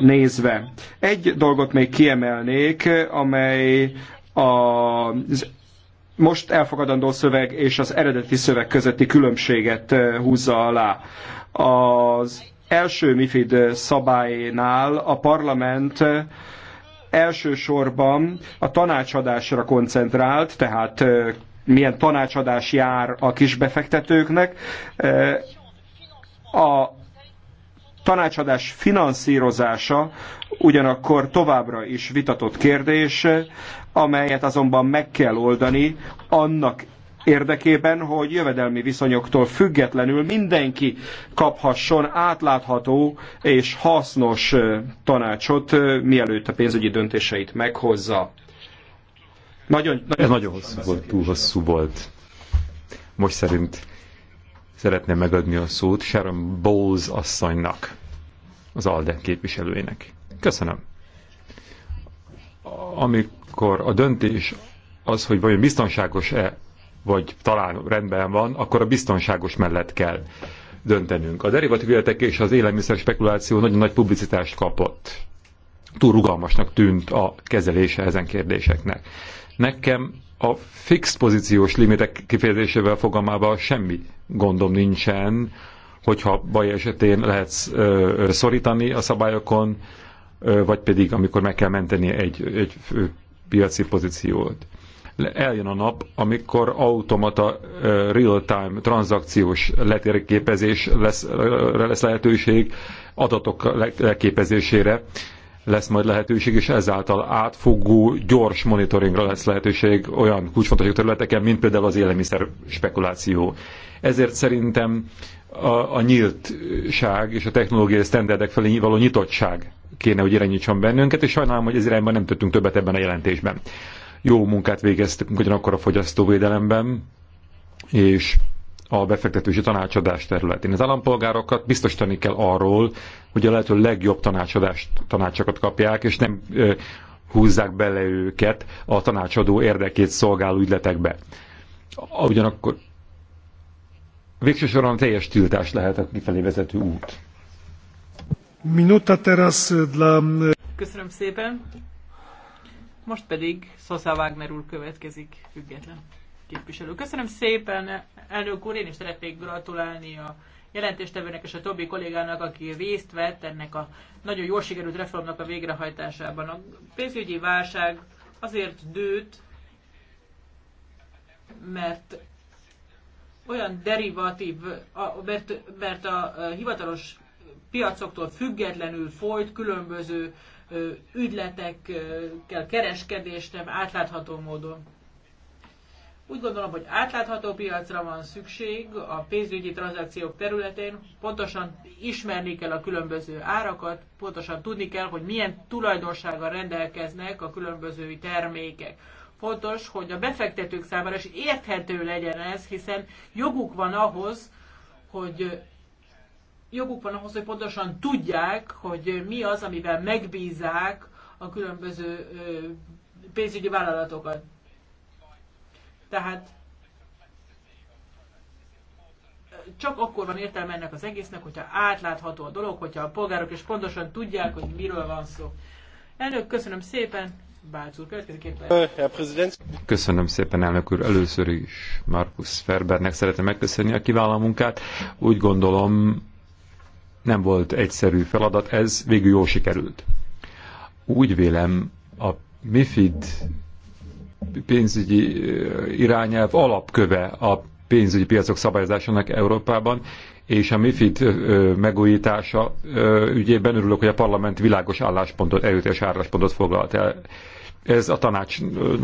nézve. Egy dolgot még kiemelnék, amely a most elfogadandó szöveg és az eredeti szöveg közötti különbséget húzza alá. Az első MIFID szabálynál a parlament elsősorban a tanácsadásra koncentrált, tehát milyen tanácsadás jár a kisbefektetőknek. A tanácsadás finanszírozása ugyanakkor továbbra is vitatott kérdés, amelyet azonban meg kell oldani annak érdekében, hogy jövedelmi viszonyoktól függetlenül mindenki kaphasson átlátható és hasznos tanácsot, mielőtt a pénzügyi döntéseit meghozza. Nagyon, nagyon, Ez nagyon hosszú volt, túl hosszú volt. Most szerint Szeretném megadni a szót Sharon Bowles asszonynak, az ALDE képviselőjének. Köszönöm. Amikor a döntés az, hogy vajon biztonságos-e, vagy talán rendben van, akkor a biztonságos mellett kell döntenünk. A derivatív életek és az élelmiszer spekuláció nagyon nagy publicitást kapott. Túl rugalmasnak tűnt a kezelése ezen kérdéseknek. Nekem a fix pozíciós limitek kifejezésével fogalmában semmi gondom nincsen, hogyha baj esetén lehet ö, szorítani a szabályokon, vagy pedig amikor meg kell menteni egy, egy piaci pozíciót. Eljön a nap, amikor automata real-time tranzakciós letérképezés lesz, lesz lehetőség adatok leképezésére lesz majd lehetőség, és ezáltal átfogó, gyors monitoringra lesz lehetőség olyan kulcsfontosságú területeken, mint például az élelmiszer spekuláció. Ezért szerintem a, a nyíltság és a technológiai sztenderdek felé való nyitottság kéne, hogy irányítson bennünket, és sajnálom, hogy ez irányban nem tettünk többet ebben a jelentésben. Jó munkát végeztünk ugyanakkor a fogyasztóvédelemben, és a befektetési tanácsadás területén. Az állampolgárokat biztosítani kell arról, hogy a lehető legjobb tanácsadást, tanácsokat kapják, és nem ö, húzzák bele őket a tanácsadó érdekét szolgáló ügyletekbe. Ugyanakkor végső soron teljes tiltás lehet a kifelé vezető út. Minuta teraz dla... E, Köszönöm szépen. Most pedig Szosza Wagner úr következik, független képviselő. Köszönöm szépen, Elnök úr, én is szeretnék gratulálni a jelentéstevőnek és a többi kollégának, aki részt vett ennek a nagyon jól sikerült reformnak a végrehajtásában. A pénzügyi válság azért dőt, mert olyan derivatív, mert, mert a hivatalos piacoktól függetlenül folyt különböző ügyletekkel kereskedés nem átlátható módon. Úgy gondolom, hogy átlátható piacra van szükség a pénzügyi tranzakciók területén, pontosan ismerni kell a különböző árakat, pontosan tudni kell, hogy milyen tulajdonsággal rendelkeznek a különböző termékek. Fontos, hogy a befektetők számára is érthető legyen ez, hiszen joguk van ahhoz, hogy joguk van ahhoz, hogy pontosan tudják, hogy mi az, amivel megbízák a különböző pénzügyi vállalatokat tehát csak akkor van értelme ennek az egésznek, hogyha átlátható a dolog, hogyha a polgárok is pontosan tudják, hogy miről van szó. Elnök, köszönöm szépen! Bálc úr, Köszönöm szépen, elnök úr. Először is Markus Ferbernek szeretem megköszönni a kiváló munkát. Úgy gondolom, nem volt egyszerű feladat, ez végül jól sikerült. Úgy vélem, a MIFID pénzügyi irányelv alapköve a pénzügyi piacok szabályozásának Európában, és a MIFID megújítása ügyében örülök, hogy a parlament világos álláspontot, erőteljes álláspontot foglalt el. Ez a tanács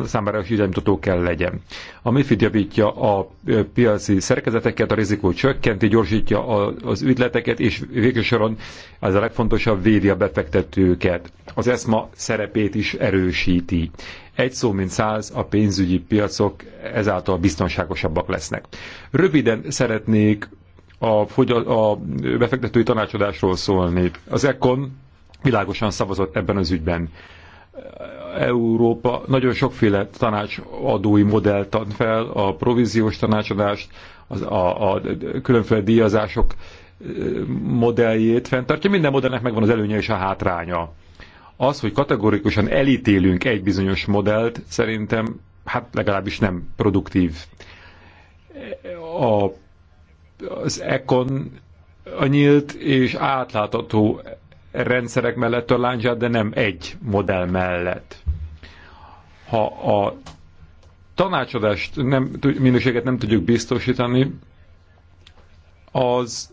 számára is iránymutató kell legyen. A MIFID javítja a piaci szerkezeteket, a rizikó csökkenti, gyorsítja az ügyleteket, és végső soron ez a legfontosabb, védi a befektetőket. Az ESMA szerepét is erősíti egy szó mint száz a pénzügyi piacok ezáltal biztonságosabbak lesznek. Röviden szeretnék a, a, a befektetői tanácsadásról szólni. Az ECON világosan szavazott ebben az ügyben. Európa nagyon sokféle tanácsadói modellt ad fel, a províziós tanácsadást, az, a, a különféle díjazások modelljét fenntartja. Minden modellnek megvan az előnye és a hátránya. Az, hogy kategorikusan elítélünk egy bizonyos modellt, szerintem hát legalábbis nem produktív. A, az Econ a nyílt és átlátható rendszerek mellett a láncsát, de nem egy modell mellett. Ha a tanácsadást, nem, minőséget nem tudjuk biztosítani, az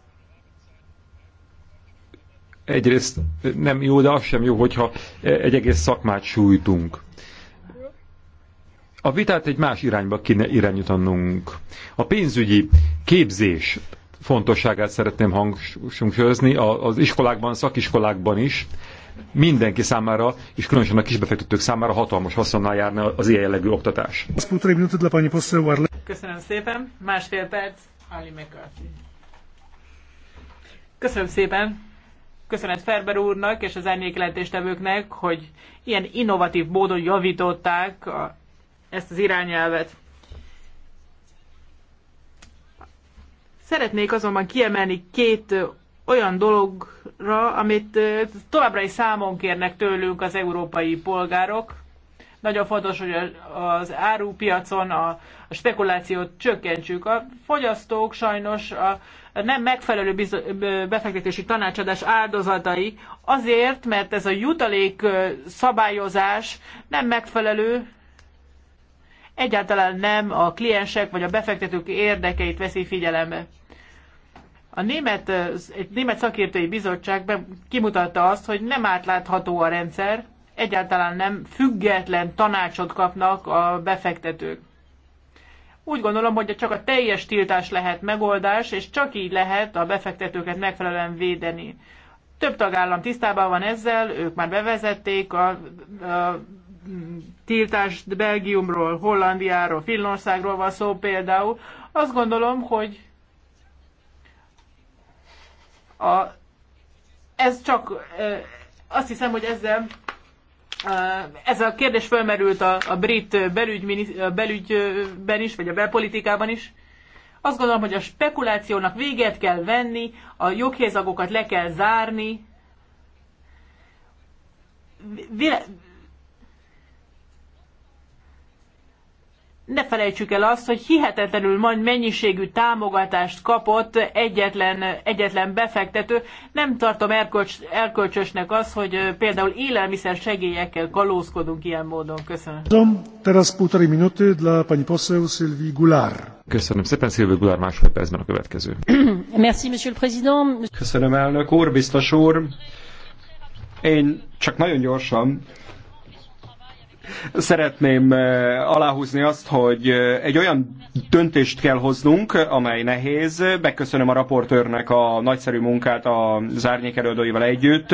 egyrészt nem jó, de az sem jó, hogyha egy egész szakmát sújtunk. A vitát egy más irányba kéne irányítanunk. A pénzügyi képzés fontosságát szeretném hangsúlyozni az iskolákban, szakiskolákban is. Mindenki számára, és különösen a kisbefektetők számára hatalmas haszonnal járna az ilyen jellegű oktatás. Köszönöm szépen. Másfél perc. Ali McCarthy. Köszönöm szépen. Köszönet Ferber úrnak és az árnyékjelentéstevőknek, hogy ilyen innovatív módon javították a, ezt az irányelvet. Szeretnék azonban kiemelni két olyan dologra, amit továbbra is számon kérnek tőlünk az európai polgárok. Nagyon fontos, hogy az árupiacon a spekulációt csökkentsük. A fogyasztók sajnos a nem megfelelő befektetési tanácsadás áldozatai, azért, mert ez a jutalék szabályozás nem megfelelő, egyáltalán nem a kliensek vagy a befektetők érdekeit veszi figyelembe. A német, egy német szakértői bizottság kimutatta azt, hogy nem átlátható a rendszer, egyáltalán nem független tanácsot kapnak a befektetők. Úgy gondolom, hogy csak a teljes tiltás lehet megoldás, és csak így lehet a befektetőket megfelelően védeni. Több tagállam tisztában van ezzel, ők már bevezették a, a tiltást Belgiumról, Hollandiáról, Finnországról van szó például. Azt gondolom, hogy a, ez csak, azt hiszem, hogy ezzel ez a kérdés felmerült a, a brit belügy, belügyben is, vagy a belpolitikában is. Azt gondolom, hogy a spekulációnak véget kell venni, a joghézagokat le kell zárni. ne felejtsük el azt, hogy hihetetlenül nagy mennyiségű támogatást kapott egyetlen, egyetlen befektető. Nem tartom erkölcs, erkölcsösnek az, hogy például élelmiszer segélyekkel kalózkodunk ilyen módon. Köszönöm. Teraz półtorej minuty dla pani poseł Sylwii Goulart. Köszönöm szépen, Szilvi Gulár másfél percben a következő. Merci, monsieur le président. Köszönöm, elnök úr, biztos úr. Én csak nagyon gyorsan Szeretném eh, aláhúzni azt, hogy eh, egy olyan döntést kell hoznunk, amely nehéz. Megköszönöm a raportőrnek a nagyszerű munkát a zárnyék előadóival együtt.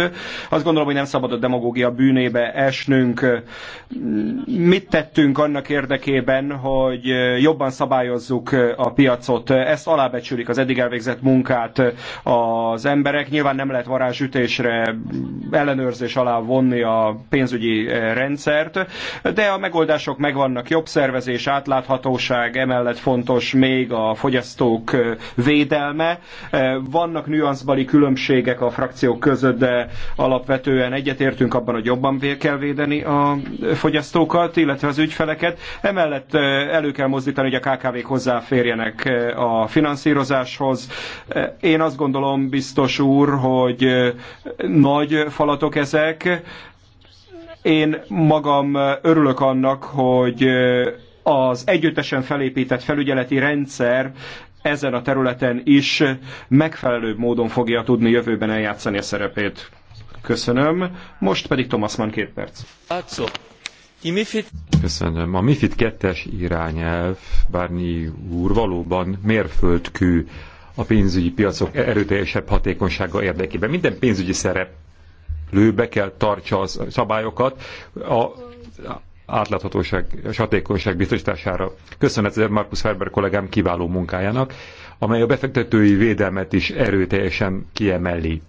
Azt gondolom, hogy nem szabad a demagógia bűnébe esnünk. Mit tettünk annak érdekében, hogy eh, jobban szabályozzuk a piacot? Ezt alábecsülik az eddig elvégzett munkát az emberek. Nyilván nem lehet varázsütésre ellenőrzés alá vonni a pénzügyi rendszert, de a megoldások megvannak, jobb szervezés, átláthatóság, emellett fontos még a fogyasztók védelme. Vannak nüanszbali különbségek a frakciók között, de alapvetően egyetértünk abban, hogy jobban kell védeni a fogyasztókat, illetve az ügyfeleket. Emellett elő kell mozdítani, hogy a KKV-k hozzáférjenek a finanszírozáshoz. Én azt gondolom, biztos úr, hogy nagy falatok ezek, én magam örülök annak, hogy az együttesen felépített felügyeleti rendszer ezen a területen is megfelelő módon fogja tudni jövőben eljátszani a szerepét. Köszönöm. Most pedig Thomas Mann két perc. Köszönöm. A MIFID 2-es irányelv, Bárnyi úr, valóban mérföldkő a pénzügyi piacok erőteljesebb hatékonysága érdekében. Minden pénzügyi szerep szereplő be kell tartsa a szabályokat a átláthatóság és hatékonyság biztosítására. Köszönet Markus Ferber kollégám kiváló munkájának, amely a befektetői védelmet is erőteljesen kiemeli.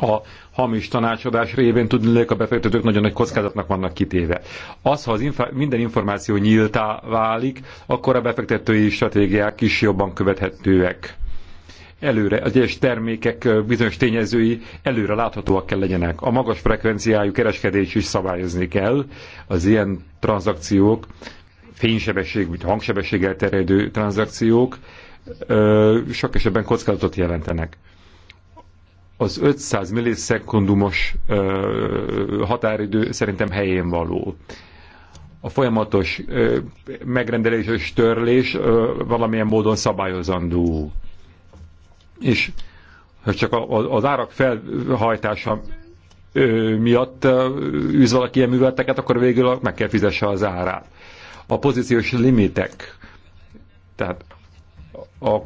A hamis tanácsadás révén tudni a befektetők nagyon nagy kockázatnak vannak kitéve. Az, ha az infa- minden információ nyíltá válik, akkor a befektetői stratégiák is jobban követhetőek előre, az egyes termékek bizonyos tényezői előre láthatóak kell legyenek. A magas frekvenciájú kereskedés is szabályozni kell. Az ilyen tranzakciók, fénysebesség, vagy hangsebességgel terjedő tranzakciók sok esetben kockázatot jelentenek az 500 millisekundumos határidő szerintem helyén való. A folyamatos megrendeléses törlés ö, valamilyen módon szabályozandó és csak az árak felhajtása miatt űz valaki ilyen műveleteket, akkor végül meg kell fizesse az árát. A pozíciós limitek, tehát a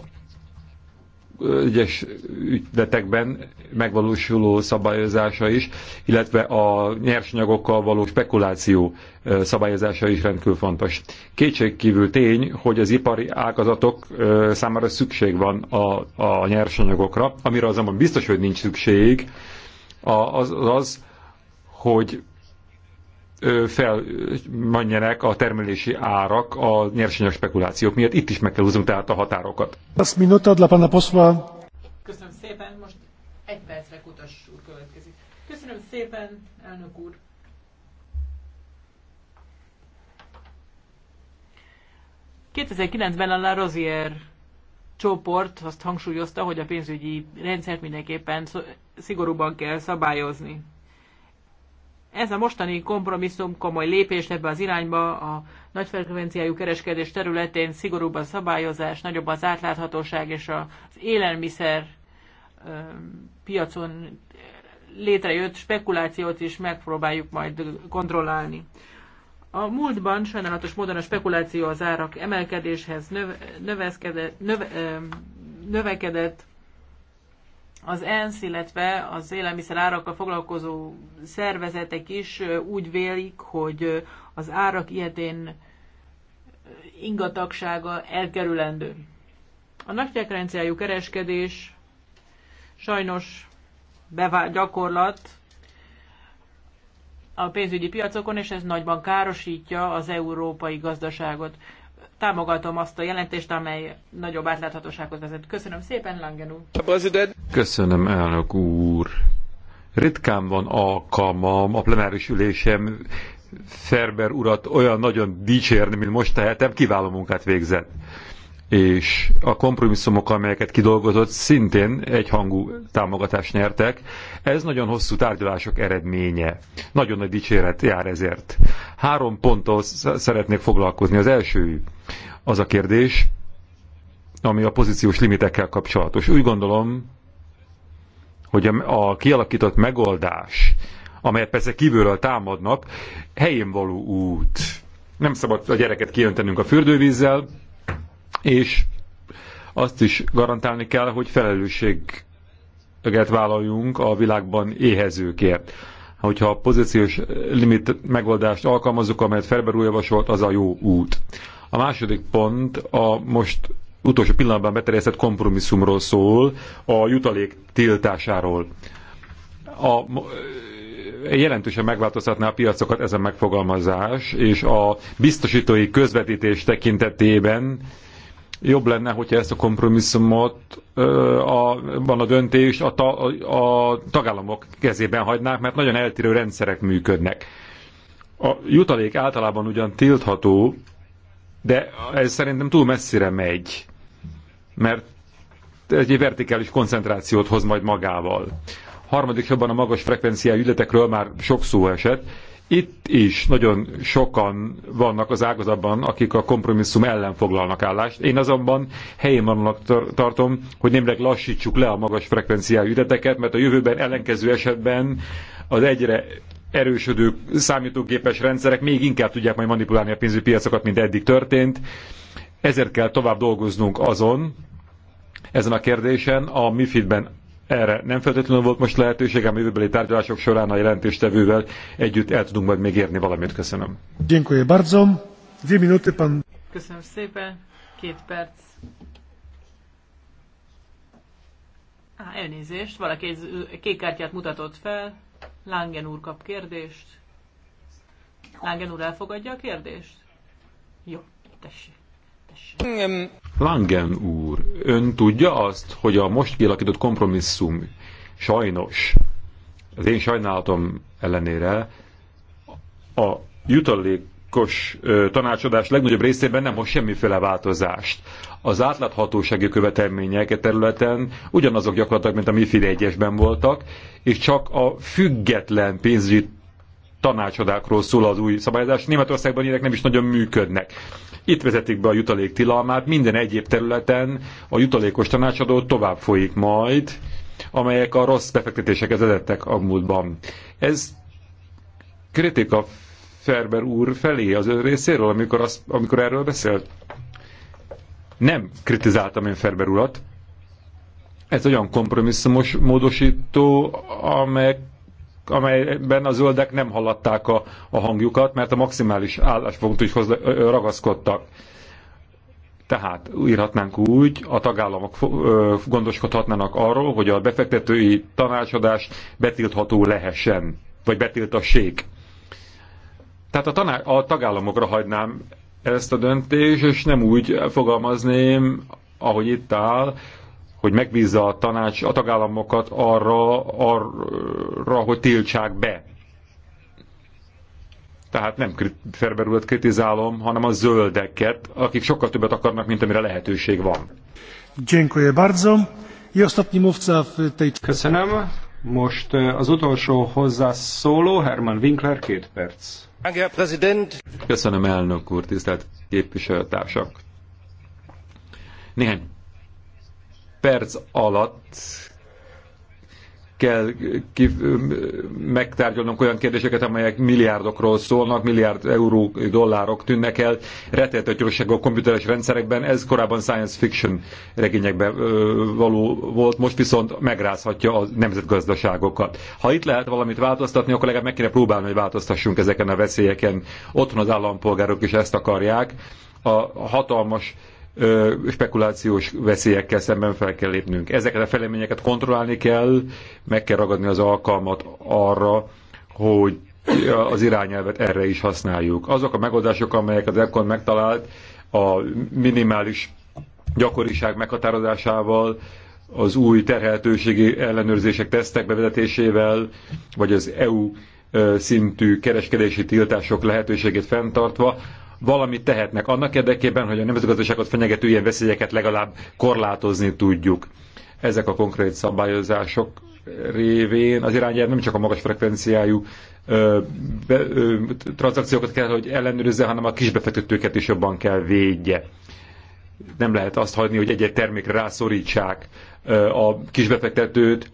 egyes ügyletekben megvalósuló szabályozása is, illetve a nyersanyagokkal való spekuláció szabályozása is rendkívül fontos. Kétségkívül tény, hogy az ipari ágazatok számára szükség van a, a nyersanyagokra, amire azonban biztos, hogy nincs szükség, az, az hogy felmenjenek a termelési árak a nyersanyag spekulációk miatt. Itt is meg kell húznunk tehát a határokat. Azt minut ad a poszva. Köszönöm szépen, most egy percre kutas úr következik. Köszönöm szépen, elnök úr. ben a La csoport azt hangsúlyozta, hogy a pénzügyi rendszert mindenképpen szigorúban kell szabályozni. Ez a mostani kompromisszum komoly lépés ebbe az irányba a nagyfrekvenciájú kereskedés területén szigorúbb a szabályozás, nagyobb az átláthatóság és az élelmiszer piacon létrejött spekulációt is megpróbáljuk majd kontrollálni. A múltban sajnálatos módon a spekuláció az árak emelkedéshez növekedett, az ENSZ, illetve az élelmiszer árakkal foglalkozó szervezetek is úgy vélik, hogy az árak ilyetén ingatagsága elkerülendő. A nagy kereskedés sajnos bevált gyakorlat a pénzügyi piacokon, és ez nagyban károsítja az európai gazdaságot. Támogatom azt a jelentést, amely nagyobb átláthatósághoz vezet. Köszönöm szépen, A president Köszönöm, elnök úr. Ritkán van alkalmam a plenáris ülésem Ferber urat olyan nagyon dicsérni, mint most tehetem, kiváló munkát végzett. És a kompromisszumok, amelyeket kidolgozott, szintén egyhangú támogatást nyertek. Ez nagyon hosszú tárgyalások eredménye. Nagyon nagy dicséret jár ezért. Három ponttal szeretnék foglalkozni. Az első az a kérdés, ami a pozíciós limitekkel kapcsolatos. Úgy gondolom, hogy a, a kialakított megoldás, amelyet persze kívülről támadnak, helyén való út. Nem szabad a gyereket kijöntenünk a fürdővízzel, és azt is garantálni kell, hogy felelősséget vállaljunk a világban éhezőkért. Hogyha a pozíciós limit megoldást alkalmazunk, amelyet Ferber úr javasolt, az a jó út. A második pont a most utolsó pillanatban beterjesztett kompromisszumról szól, a jutalék tiltásáról. A, jelentősen megváltoztatná a piacokat ez a megfogalmazás, és a biztosítói közvetítés tekintetében jobb lenne, hogyha ezt a kompromisszumot a, van a döntés a, ta, a tagállamok kezében hagynák, mert nagyon eltérő rendszerek működnek. A jutalék általában ugyan tiltható, de ez szerintem túl messzire megy mert egy vertikális koncentrációt hoz majd magával. Harmadik jobban a magas frekvenciájú ügyletekről már sok szó esett. Itt is nagyon sokan vannak az ágazatban, akik a kompromisszum ellen foglalnak állást. Én azonban helyén vannak tartom, hogy némleg lassítsuk le a magas frekvenciájú ügyleteket, mert a jövőben ellenkező esetben az egyre erősödő számítógépes rendszerek még inkább tudják majd manipulálni a pénzügyi piacokat, mint eddig történt ezért kell tovább dolgoznunk azon, ezen a kérdésen, a MIFID-ben erre nem feltétlenül volt most lehetőség, a jövőbeli tárgyalások során a jelentéstevővel együtt el tudunk majd még érni valamit. Köszönöm. Dziękuję bardzo. Dwie minuty pan... Köszönöm szépen. Két perc. Á, elnézést, valaki kék kártyát mutatott fel. Langen úr kap kérdést. Langen úr elfogadja a kérdést? Jó, tessék. Langen úr, ön tudja azt, hogy a most kialakított kompromisszum sajnos, az én sajnálatom ellenére, a jutalékos tanácsadás legnagyobb részében nem hoz semmiféle változást. Az átláthatósági követelmények a e területen ugyanazok gyakorlatilag, mint a MIFID 1 voltak, és csak a független pénzügyi tanácsadákról szól az új szabályozás. Németországban ilyenek nem is nagyon működnek. Itt vezetik be a jutalék tilalmát, minden egyéb területen a jutalékos tanácsadó tovább folyik majd, amelyek a rossz befektetéseket vezettek a múltban. Ez kritika Ferber úr felé az ő részéről, amikor, az, amikor erről beszélt. Nem kritizáltam én Ferber urat. Ez olyan kompromisszumos módosító, amely amelyben a zöldek nem hallatták a, a hangjukat, mert a maximális álláspontúhoz ragaszkodtak. Tehát írhatnánk úgy, a tagállamok gondoskodhatnának arról, hogy a befektetői tanácsadás betiltható lehessen, vagy betiltassék. Tehát a, taná- a tagállamokra hagynám ezt a döntést, és nem úgy fogalmazném, ahogy itt áll, hogy megbízza a tanács a tagállamokat arra, arra hogy tiltsák be. Tehát nem Ferber urat kritizálom, hanem a zöldeket, akik sokkal többet akarnak, mint amire lehetőség van. Dziękuję bardzo. I ostatni mówca w tej... Köszönöm. Most e, az utolsó hozzászóló, Herman Winkler, két perc. Köszönöm, elnök úr, tisztelt képviselőtársak. Néhány perc alatt kell ki, megtárgyalnunk olyan kérdéseket, amelyek milliárdokról szólnak, milliárd euró, dollárok tűnnek el, rettenetes a komputeres rendszerekben, ez korábban science fiction regényekben való volt, most viszont megrázhatja a nemzetgazdaságokat. Ha itt lehet valamit változtatni, akkor legalább meg kéne próbálni, hogy változtassunk ezeken a veszélyeken. Otthon az állampolgárok is ezt akarják. A hatalmas spekulációs veszélyekkel szemben fel kell lépnünk. Ezeket a feleményeket kontrollálni kell, meg kell ragadni az alkalmat arra, hogy az irányelvet erre is használjuk. Azok a megoldások, amelyek az EPCON megtalált a minimális gyakoriság meghatározásával, az új terhelhetőségi ellenőrzések tesztek bevezetésével, vagy az EU szintű kereskedési tiltások lehetőségét fenntartva, valamit tehetnek annak érdekében, hogy a nemzetgazdaságot fenyegető ilyen veszélyeket legalább korlátozni tudjuk. Ezek a konkrét szabályozások révén az irányelv nem csak a magas frekvenciájú ö, be, ö, tranzakciókat kell, hogy ellenőrizze, hanem a kisbefektetőket is jobban kell védje. Nem lehet azt hagyni, hogy egy-egy termékre rászorítsák ö, a kisbefektetőt,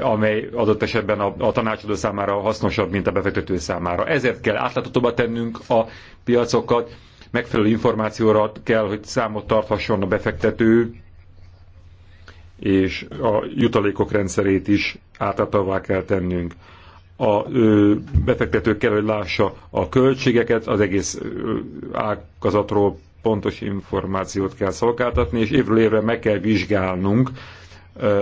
amely adott esetben a, a tanácsadó számára hasznosabb, mint a befektető számára. Ezért kell átláthatóbbá tennünk a piacokat, megfelelő információra kell, hogy számot tarthasson a befektető, és a jutalékok rendszerét is átláthatóvá kell tennünk. A ö, befektető kell, hogy lássa a költségeket, az egész ö, ágazatról pontos információt kell szolgáltatni, és évről évre meg kell vizsgálnunk,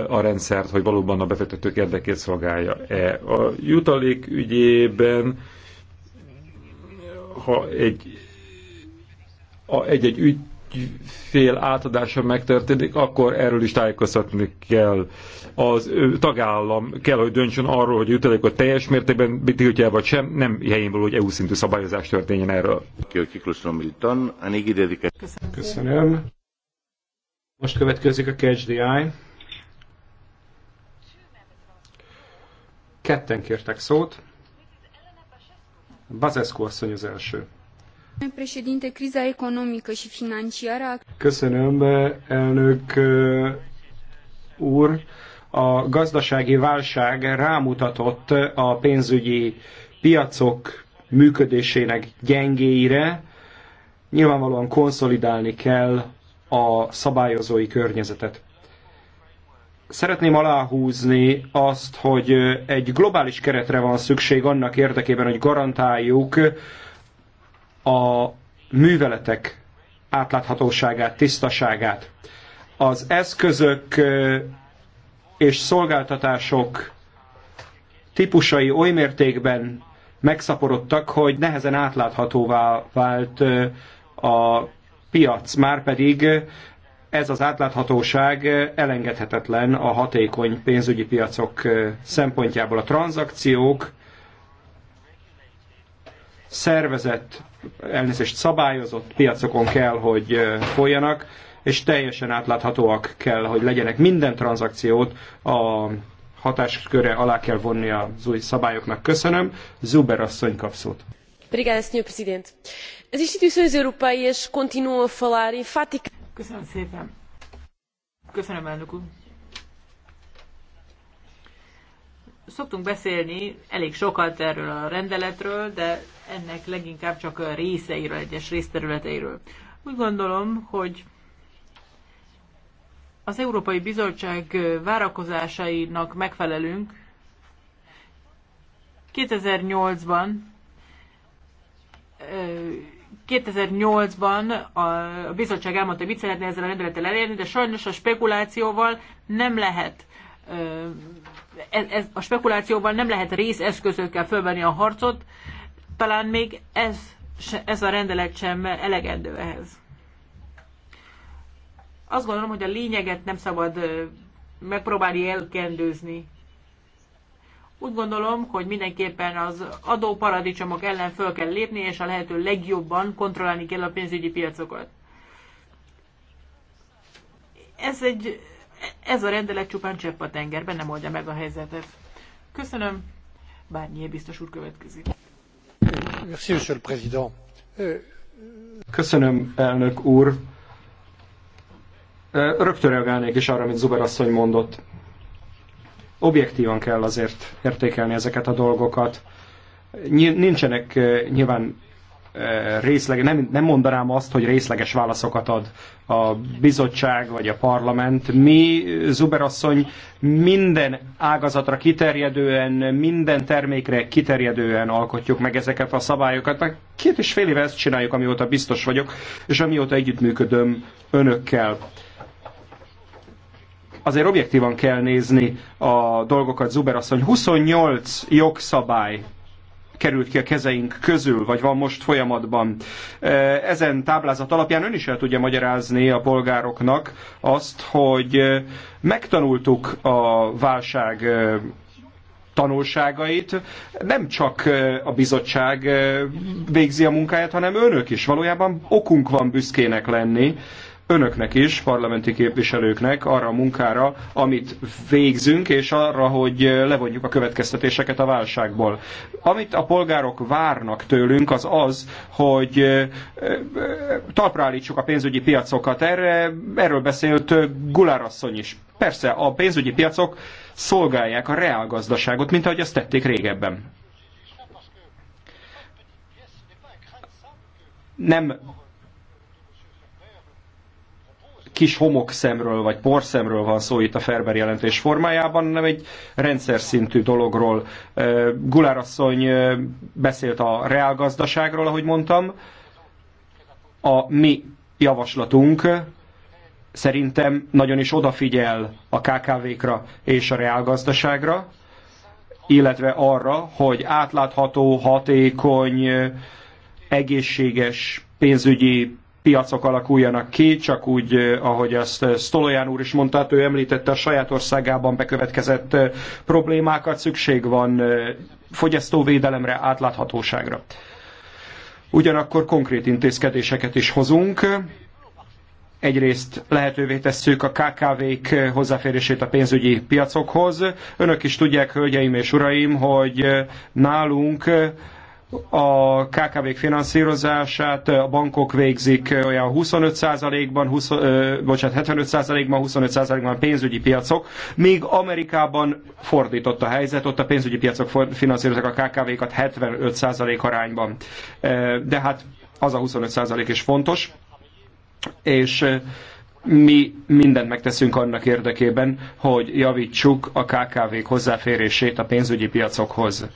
a rendszert, hogy valóban a befektetők érdekét szolgálja-e. A jutalék ügyében, ha egy egy-egy ügyfél fél átadása megtörténik, akkor erről is tájékoztatni kell. Az tagállam kell, hogy döntsön arról, hogy a jutalékot teljes mértékben betiltja vagy sem, nem helyén való, hogy EU szintű szabályozás történjen erről. Köszönöm. Köszönöm. Most következik a Catch the Eye. Ketten kértek szót. Bazescu asszony az első. Köszönöm, elnök úr. A gazdasági válság rámutatott a pénzügyi piacok működésének gyengéire. Nyilvánvalóan konszolidálni kell a szabályozói környezetet szeretném aláhúzni azt, hogy egy globális keretre van szükség annak érdekében, hogy garantáljuk a műveletek átláthatóságát, tisztaságát. Az eszközök és szolgáltatások típusai oly mértékben megszaporodtak, hogy nehezen átláthatóvá vált a piac, már pedig ez az átláthatóság elengedhetetlen a hatékony pénzügyi piacok szempontjából. A tranzakciók szervezett, elnézést szabályozott piacokon kell, hogy folyjanak, és teljesen átláthatóak kell, hogy legyenek. Minden tranzakciót a hatásköre alá kell vonni az új szabályoknak. Köszönöm. Zuber asszony kap szót. Obrigada, Sr. Presidente. As instituições europeias continuam a falar enfaticamente Köszönöm szépen. Köszönöm, elnök úr. Szoktunk beszélni elég sokat erről a rendeletről, de ennek leginkább csak a részeiről, egyes részterületeiről. Úgy gondolom, hogy az Európai Bizottság várakozásainak megfelelünk. 2008-ban 2008-ban a bizottság elmondta, hogy mit szeretne ezzel a rendelettel elérni, de sajnos a spekulációval nem lehet ez, ez, a spekulációval nem lehet részeszközökkel fölvenni a harcot, talán még ez, ez a rendelet sem elegendő ehhez. Azt gondolom, hogy a lényeget nem szabad megpróbálni elkendőzni. Úgy gondolom, hogy mindenképpen az adóparadicsomok ellen föl kell lépni, és a lehető legjobban kontrollálni kell a pénzügyi piacokat. Ez, egy, ez a rendelet csupán csepp a tengerben, nem oldja meg a helyzetet. Köszönöm. bármilyen biztos úr következik. Merci, monsieur le président. Euh, Köszönöm, elnök úr. Rögtön reagálnék is arra, amit Zuber asszony mondott objektívan kell azért értékelni ezeket a dolgokat. Nincsenek nyilván részleg, nem, nem mondanám azt, hogy részleges válaszokat ad a bizottság vagy a parlament. Mi, Zuberasszony, minden ágazatra kiterjedően, minden termékre kiterjedően alkotjuk meg ezeket a szabályokat. Már két és fél éve ezt csináljuk, amióta biztos vagyok, és amióta együttműködöm önökkel azért objektívan kell nézni a dolgokat, Zuber asszony. 28 jogszabály került ki a kezeink közül, vagy van most folyamatban. Ezen táblázat alapján ön is el tudja magyarázni a polgároknak azt, hogy megtanultuk a válság tanulságait. Nem csak a bizottság végzi a munkáját, hanem önök is. Valójában okunk van büszkének lenni, önöknek is, parlamenti képviselőknek arra a munkára, amit végzünk, és arra, hogy levonjuk a következtetéseket a válságból. Amit a polgárok várnak tőlünk, az az, hogy talpra állítsuk a pénzügyi piacokat. Erre, erről beszélt Gulárasszony is. Persze, a pénzügyi piacok szolgálják a reálgazdaságot, mint ahogy azt tették régebben. Nem kis homokszemről vagy porszemről van szó itt a Ferber jelentés formájában, hanem egy rendszer szintű dologról. Gulárasszony beszélt a reálgazdaságról, ahogy mondtam. A mi javaslatunk szerintem nagyon is odafigyel a KKV-kra és a reálgazdaságra, illetve arra, hogy átlátható, hatékony, egészséges pénzügyi piacok alakuljanak ki, csak úgy, eh, ahogy azt eh, Stolojan úr is mondta, hát ő említette a saját országában bekövetkezett eh, problémákat, szükség van fogyasztóvédelemre, átláthatóságra. Ugyanakkor konkrét intézkedéseket is hozunk. Egyrészt lehetővé tesszük a KKV-k hozzáférését a pénzügyi piacokhoz. Önök is tudják, hölgyeim és uraim, hogy nálunk a KKV-k finanszírozását a bankok végzik olyan 25%-ban, 20, bocsánat, 75%-ban, 25%-ban pénzügyi piacok, míg Amerikában fordított a helyzet, ott a pénzügyi piacok finanszírozzák a KKV-kat 75% arányban. De hát az a 25% is fontos, és mi mindent megteszünk annak érdekében, hogy javítsuk a KKV-k hozzáférését a pénzügyi piacokhoz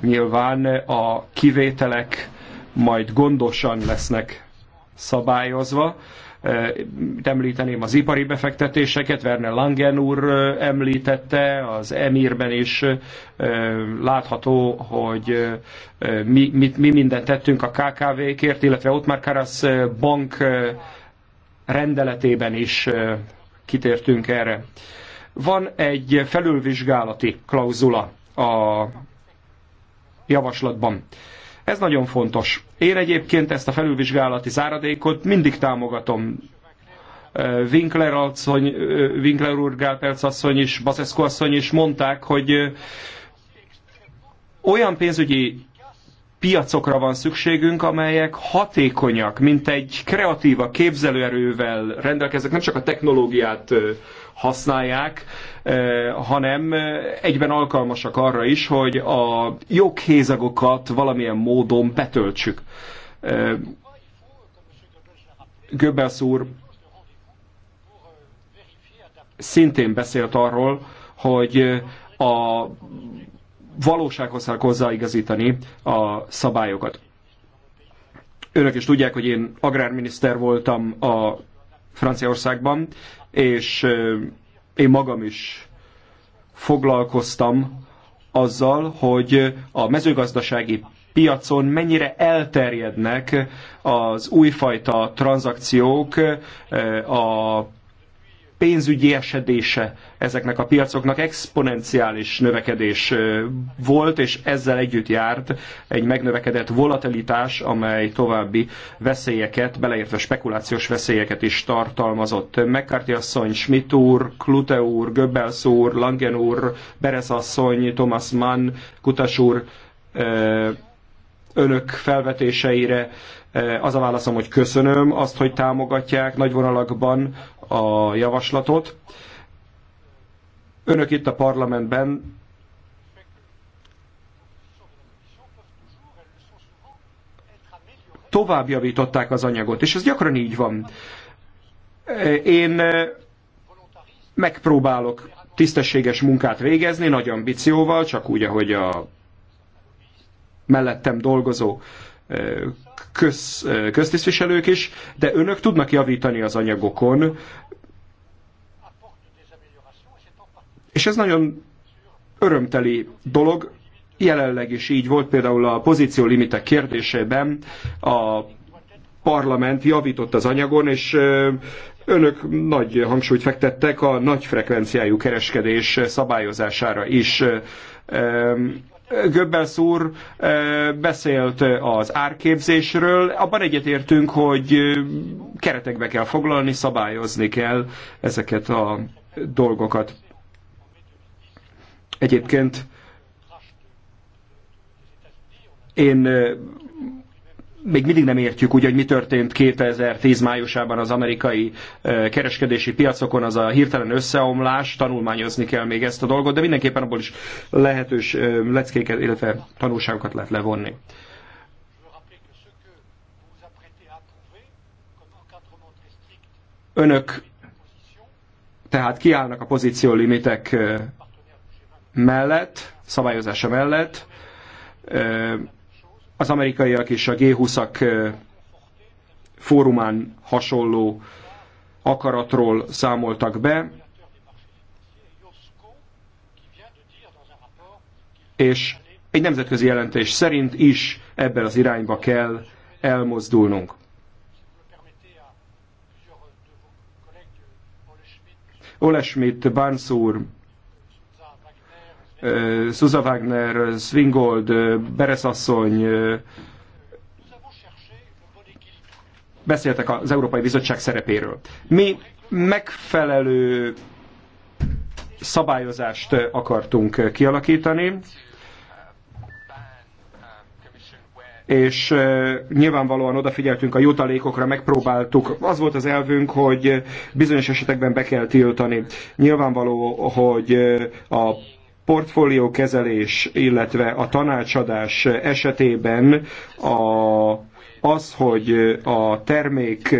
Nyilván a kivételek majd gondosan lesznek szabályozva. Említeném az ipari befektetéseket, Werner Langen úr említette, az Emirben is látható, hogy mi, mi, mi mindent tettünk a KKV-kért, illetve ott már Karasz bank rendeletében is kitértünk erre. Van egy felülvizsgálati klauzula a javaslatban. Ez nagyon fontos. Én egyébként ezt a felülvizsgálati záradékot mindig támogatom. Winkler, asszony, Winkler úr, Gálperc asszony is, Baszeszko asszony is mondták, hogy olyan pénzügyi piacokra van szükségünk, amelyek hatékonyak, mint egy kreatíva képzelőerővel rendelkeznek, nem csak a technológiát használják, hanem egyben alkalmasak arra is, hogy a joghézagokat valamilyen módon betöltsük. Göbbels úr szintén beszélt arról, hogy a valósághoz kell hozzáigazítani a szabályokat. Önök is tudják, hogy én agrárminiszter voltam a Franciaországban, és én magam is foglalkoztam azzal, hogy a mezőgazdasági piacon mennyire elterjednek az újfajta tranzakciók, a pénzügyi esedése ezeknek a piacoknak exponenciális növekedés volt, és ezzel együtt járt egy megnövekedett volatilitás, amely további veszélyeket, beleértve spekulációs veszélyeket is tartalmazott. McCarthy asszony, Schmidt úr, Klute úr, Goebbels úr, Langen úr, Beres asszony, Thomas Mann, Kutas úr, önök felvetéseire eh, az a válaszom, hogy köszönöm azt, hogy támogatják nagy vonalakban a javaslatot. Önök itt a parlamentben tovább javították az anyagot, és ez gyakran így van. Eh, én eh, megpróbálok tisztességes munkát végezni, nagy ambícióval, csak úgy, ahogy a mellettem dolgozó köz, köztisztviselők is, de önök tudnak javítani az anyagokon, és ez nagyon örömteli dolog, jelenleg is így volt például a pozíciólimitek kérdésében a parlament javított az anyagon, és önök nagy hangsúlyt fektettek a nagy frekvenciájú kereskedés szabályozására is. Göbbels úr beszélt az árképzésről, abban egyetértünk, hogy keretekbe kell foglalni, szabályozni kell ezeket a dolgokat. Egyébként én még mindig nem értjük, ugye, hogy mi történt 2010 májusában az amerikai kereskedési piacokon, az a hirtelen összeomlás, tanulmányozni kell még ezt a dolgot, de mindenképpen abból is lehetős leckéket, illetve tanulságokat lehet levonni. Önök tehát kiállnak a limitek mellett, szabályozása mellett, az amerikaiak és a G20-ak fórumán hasonló akaratról számoltak be, és egy nemzetközi jelentés szerint is ebben az irányba kell elmozdulnunk. Ole Schmidt, Barnes úr, Susa Wagner, Swingold, Beresasszony, beszéltek az Európai Bizottság szerepéről. Mi megfelelő szabályozást akartunk kialakítani, és nyilvánvalóan odafigyeltünk a jutalékokra, megpróbáltuk. Az volt az elvünk, hogy bizonyos esetekben be kell tiltani. Nyilvánvaló, hogy a portfóliókezelés, illetve a tanácsadás esetében a, az, hogy a termék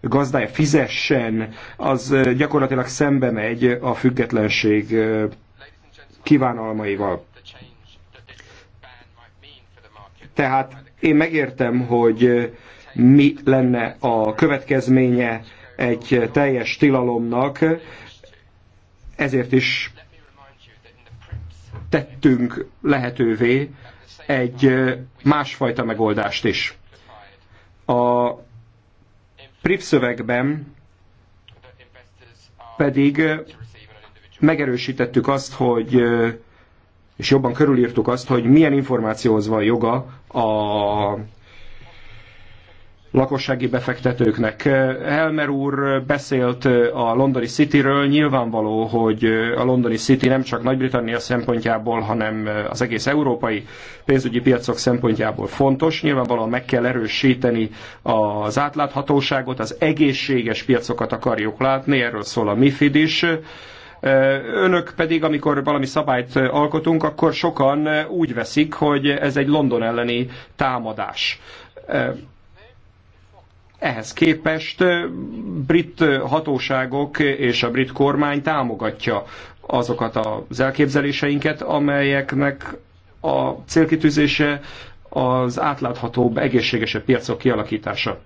gazdája fizessen, az gyakorlatilag szembe megy a függetlenség kívánalmaival. Tehát én megértem, hogy mi lenne a következménye egy teljes tilalomnak, ezért is tettünk lehetővé egy másfajta megoldást is. A PRIP szövegben pedig megerősítettük azt, hogy és jobban körülírtuk azt, hogy milyen információhoz van joga a lakossági befektetőknek. Helmer úr beszélt a londoni Cityről, nyilvánvaló, hogy a londoni City nem csak Nagy-Britannia szempontjából, hanem az egész európai pénzügyi piacok szempontjából fontos. Nyilvánvalóan meg kell erősíteni az átláthatóságot, az egészséges piacokat akarjuk látni, erről szól a MIFID is. Önök pedig, amikor valami szabályt alkotunk, akkor sokan úgy veszik, hogy ez egy London elleni támadás ehhez képest brit hatóságok és a brit kormány támogatja azokat az elképzeléseinket, amelyeknek a célkitűzése az átláthatóbb, egészségesebb piacok kialakítása.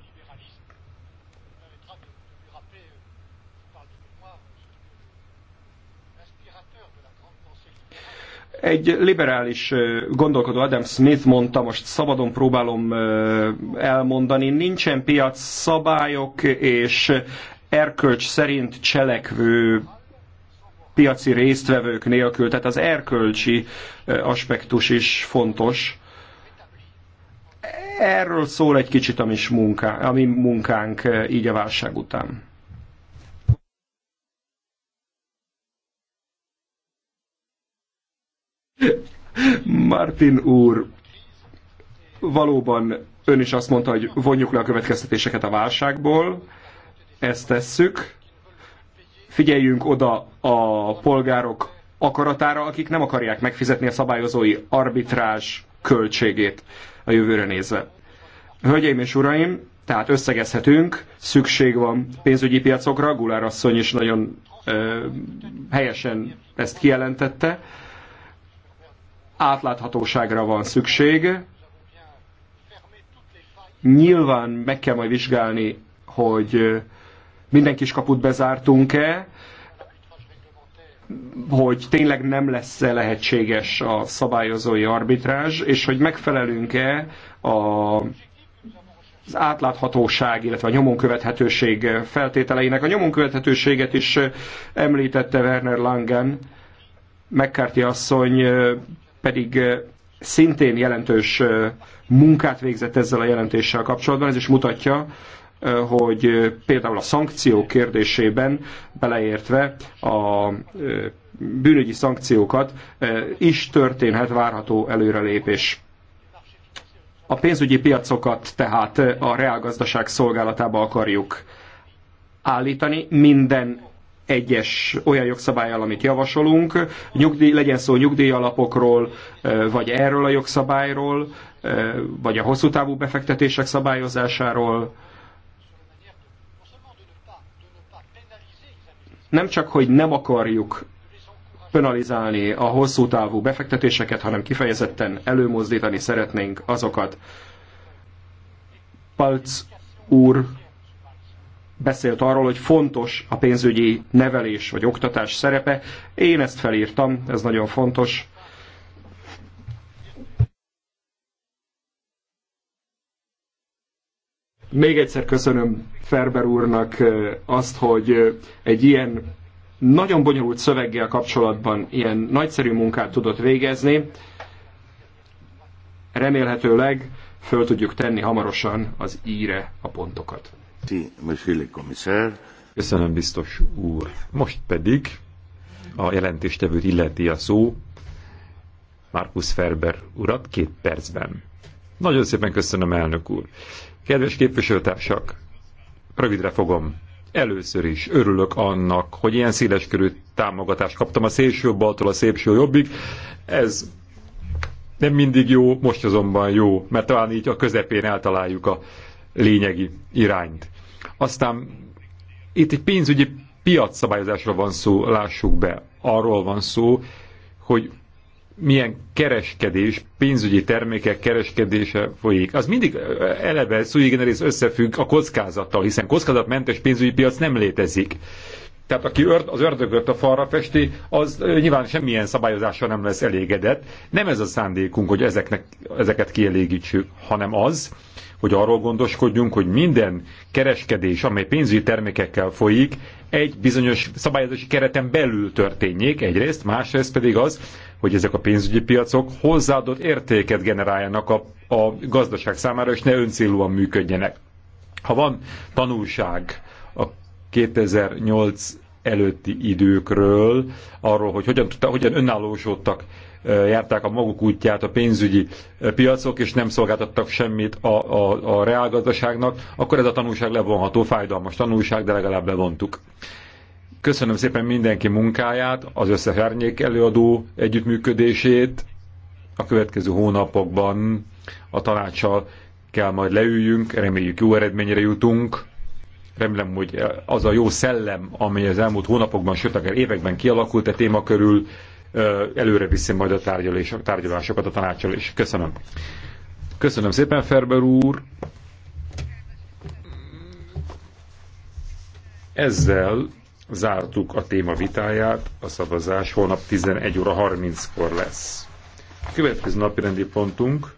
Egy liberális gondolkodó Adam Smith mondta, most szabadon próbálom elmondani, nincsen piac szabályok és erkölcs szerint cselekvő piaci résztvevők nélkül, tehát az erkölcsi aspektus is fontos. Erről szól egy kicsit a mi, munkánk, a mi munkánk így a válság után. Martin úr, valóban ön is azt mondta, hogy vonjuk le a következtetéseket a válságból, ezt tesszük, figyeljünk oda a polgárok akaratára, akik nem akarják megfizetni a szabályozói arbitrás költségét a jövőre nézve. Hölgyeim és uraim, tehát összegezhetünk, szükség van pénzügyi piacokra, Gulár asszony is nagyon ö, helyesen ezt kijelentette, átláthatóságra van szükség. Nyilván meg kell majd vizsgálni, hogy minden kis kaput bezártunk-e, hogy tényleg nem lesz-e lehetséges a szabályozói arbitrázs, és hogy megfelelünk-e a, az átláthatóság, illetve a nyomonkövethetőség feltételeinek. A nyomonkövethetőséget is említette Werner Langen, McCarthy asszony pedig szintén jelentős munkát végzett ezzel a jelentéssel kapcsolatban. Ez is mutatja, hogy például a szankciók kérdésében beleértve a bűnügyi szankciókat is történhet várható előrelépés. A pénzügyi piacokat tehát a reálgazdaság szolgálatába akarjuk állítani, minden egyes olyan jogszabályal, amit javasolunk, nyugdíj, legyen szó nyugdíjalapokról, vagy erről a jogszabályról, vagy a hosszú távú befektetések szabályozásáról. Nem csak, hogy nem akarjuk penalizálni a hosszú távú befektetéseket, hanem kifejezetten előmozdítani szeretnénk azokat. Palc úr beszélt arról, hogy fontos a pénzügyi nevelés vagy oktatás szerepe. Én ezt felírtam, ez nagyon fontos. Még egyszer köszönöm Ferber úrnak azt, hogy egy ilyen nagyon bonyolult szöveggel kapcsolatban ilyen nagyszerű munkát tudott végezni. Remélhetőleg föl tudjuk tenni hamarosan az íre a pontokat. Köszönöm, biztos úr. Most pedig a jelentéstevőt illeti a szó Markus Ferber urat két percben. Nagyon szépen köszönöm, elnök úr. Kedves képviselőtársak, rövidre fogom. Először is örülök annak, hogy ilyen körű támogatást kaptam a szélső baltól a szélső jobbig. Ez nem mindig jó, most azonban jó, mert talán így a közepén eltaláljuk a lényegi irányt. Aztán itt egy pénzügyi piacszabályozásra van szó, lássuk be. Arról van szó, hogy milyen kereskedés, pénzügyi termékek kereskedése folyik. Az mindig eleve sui generis összefügg a kockázattal, hiszen kockázatmentes pénzügyi piac nem létezik. Tehát aki az ördögöt a falra festi, az nyilván semmilyen szabályozással nem lesz elégedett. Nem ez a szándékunk, hogy ezeknek, ezeket kielégítsük, hanem az, hogy arról gondoskodjunk, hogy minden kereskedés, amely pénzügyi termékekkel folyik, egy bizonyos szabályozási kereten belül történjék egyrészt, másrészt pedig az, hogy ezek a pénzügyi piacok hozzáadott értéket generáljanak a, a gazdaság számára, és ne öncélúan működjenek. Ha van tanulság a 2008 előtti időkről, arról, hogy hogyan, tudta, hogyan önállósodtak járták a maguk útját a pénzügyi piacok, és nem szolgáltattak semmit a, a, a reálgazdaságnak, akkor ez a tanulság levonható, fájdalmas tanulság, de legalább levontuk. Köszönöm szépen mindenki munkáját, az összes árnyék előadó együttműködését. A következő hónapokban a tanácssal kell majd leüljünk, reméljük jó eredményre jutunk. Remélem, hogy az a jó szellem, ami az elmúlt hónapokban, sőt akár években kialakult a e téma körül, előre viszi majd a tárgyalásokat a tanácsal is. Köszönöm. Köszönöm szépen, Ferber úr. Ezzel zártuk a téma vitáját, a szavazás holnap 11 óra 30-kor lesz. Következő napi rendi pontunk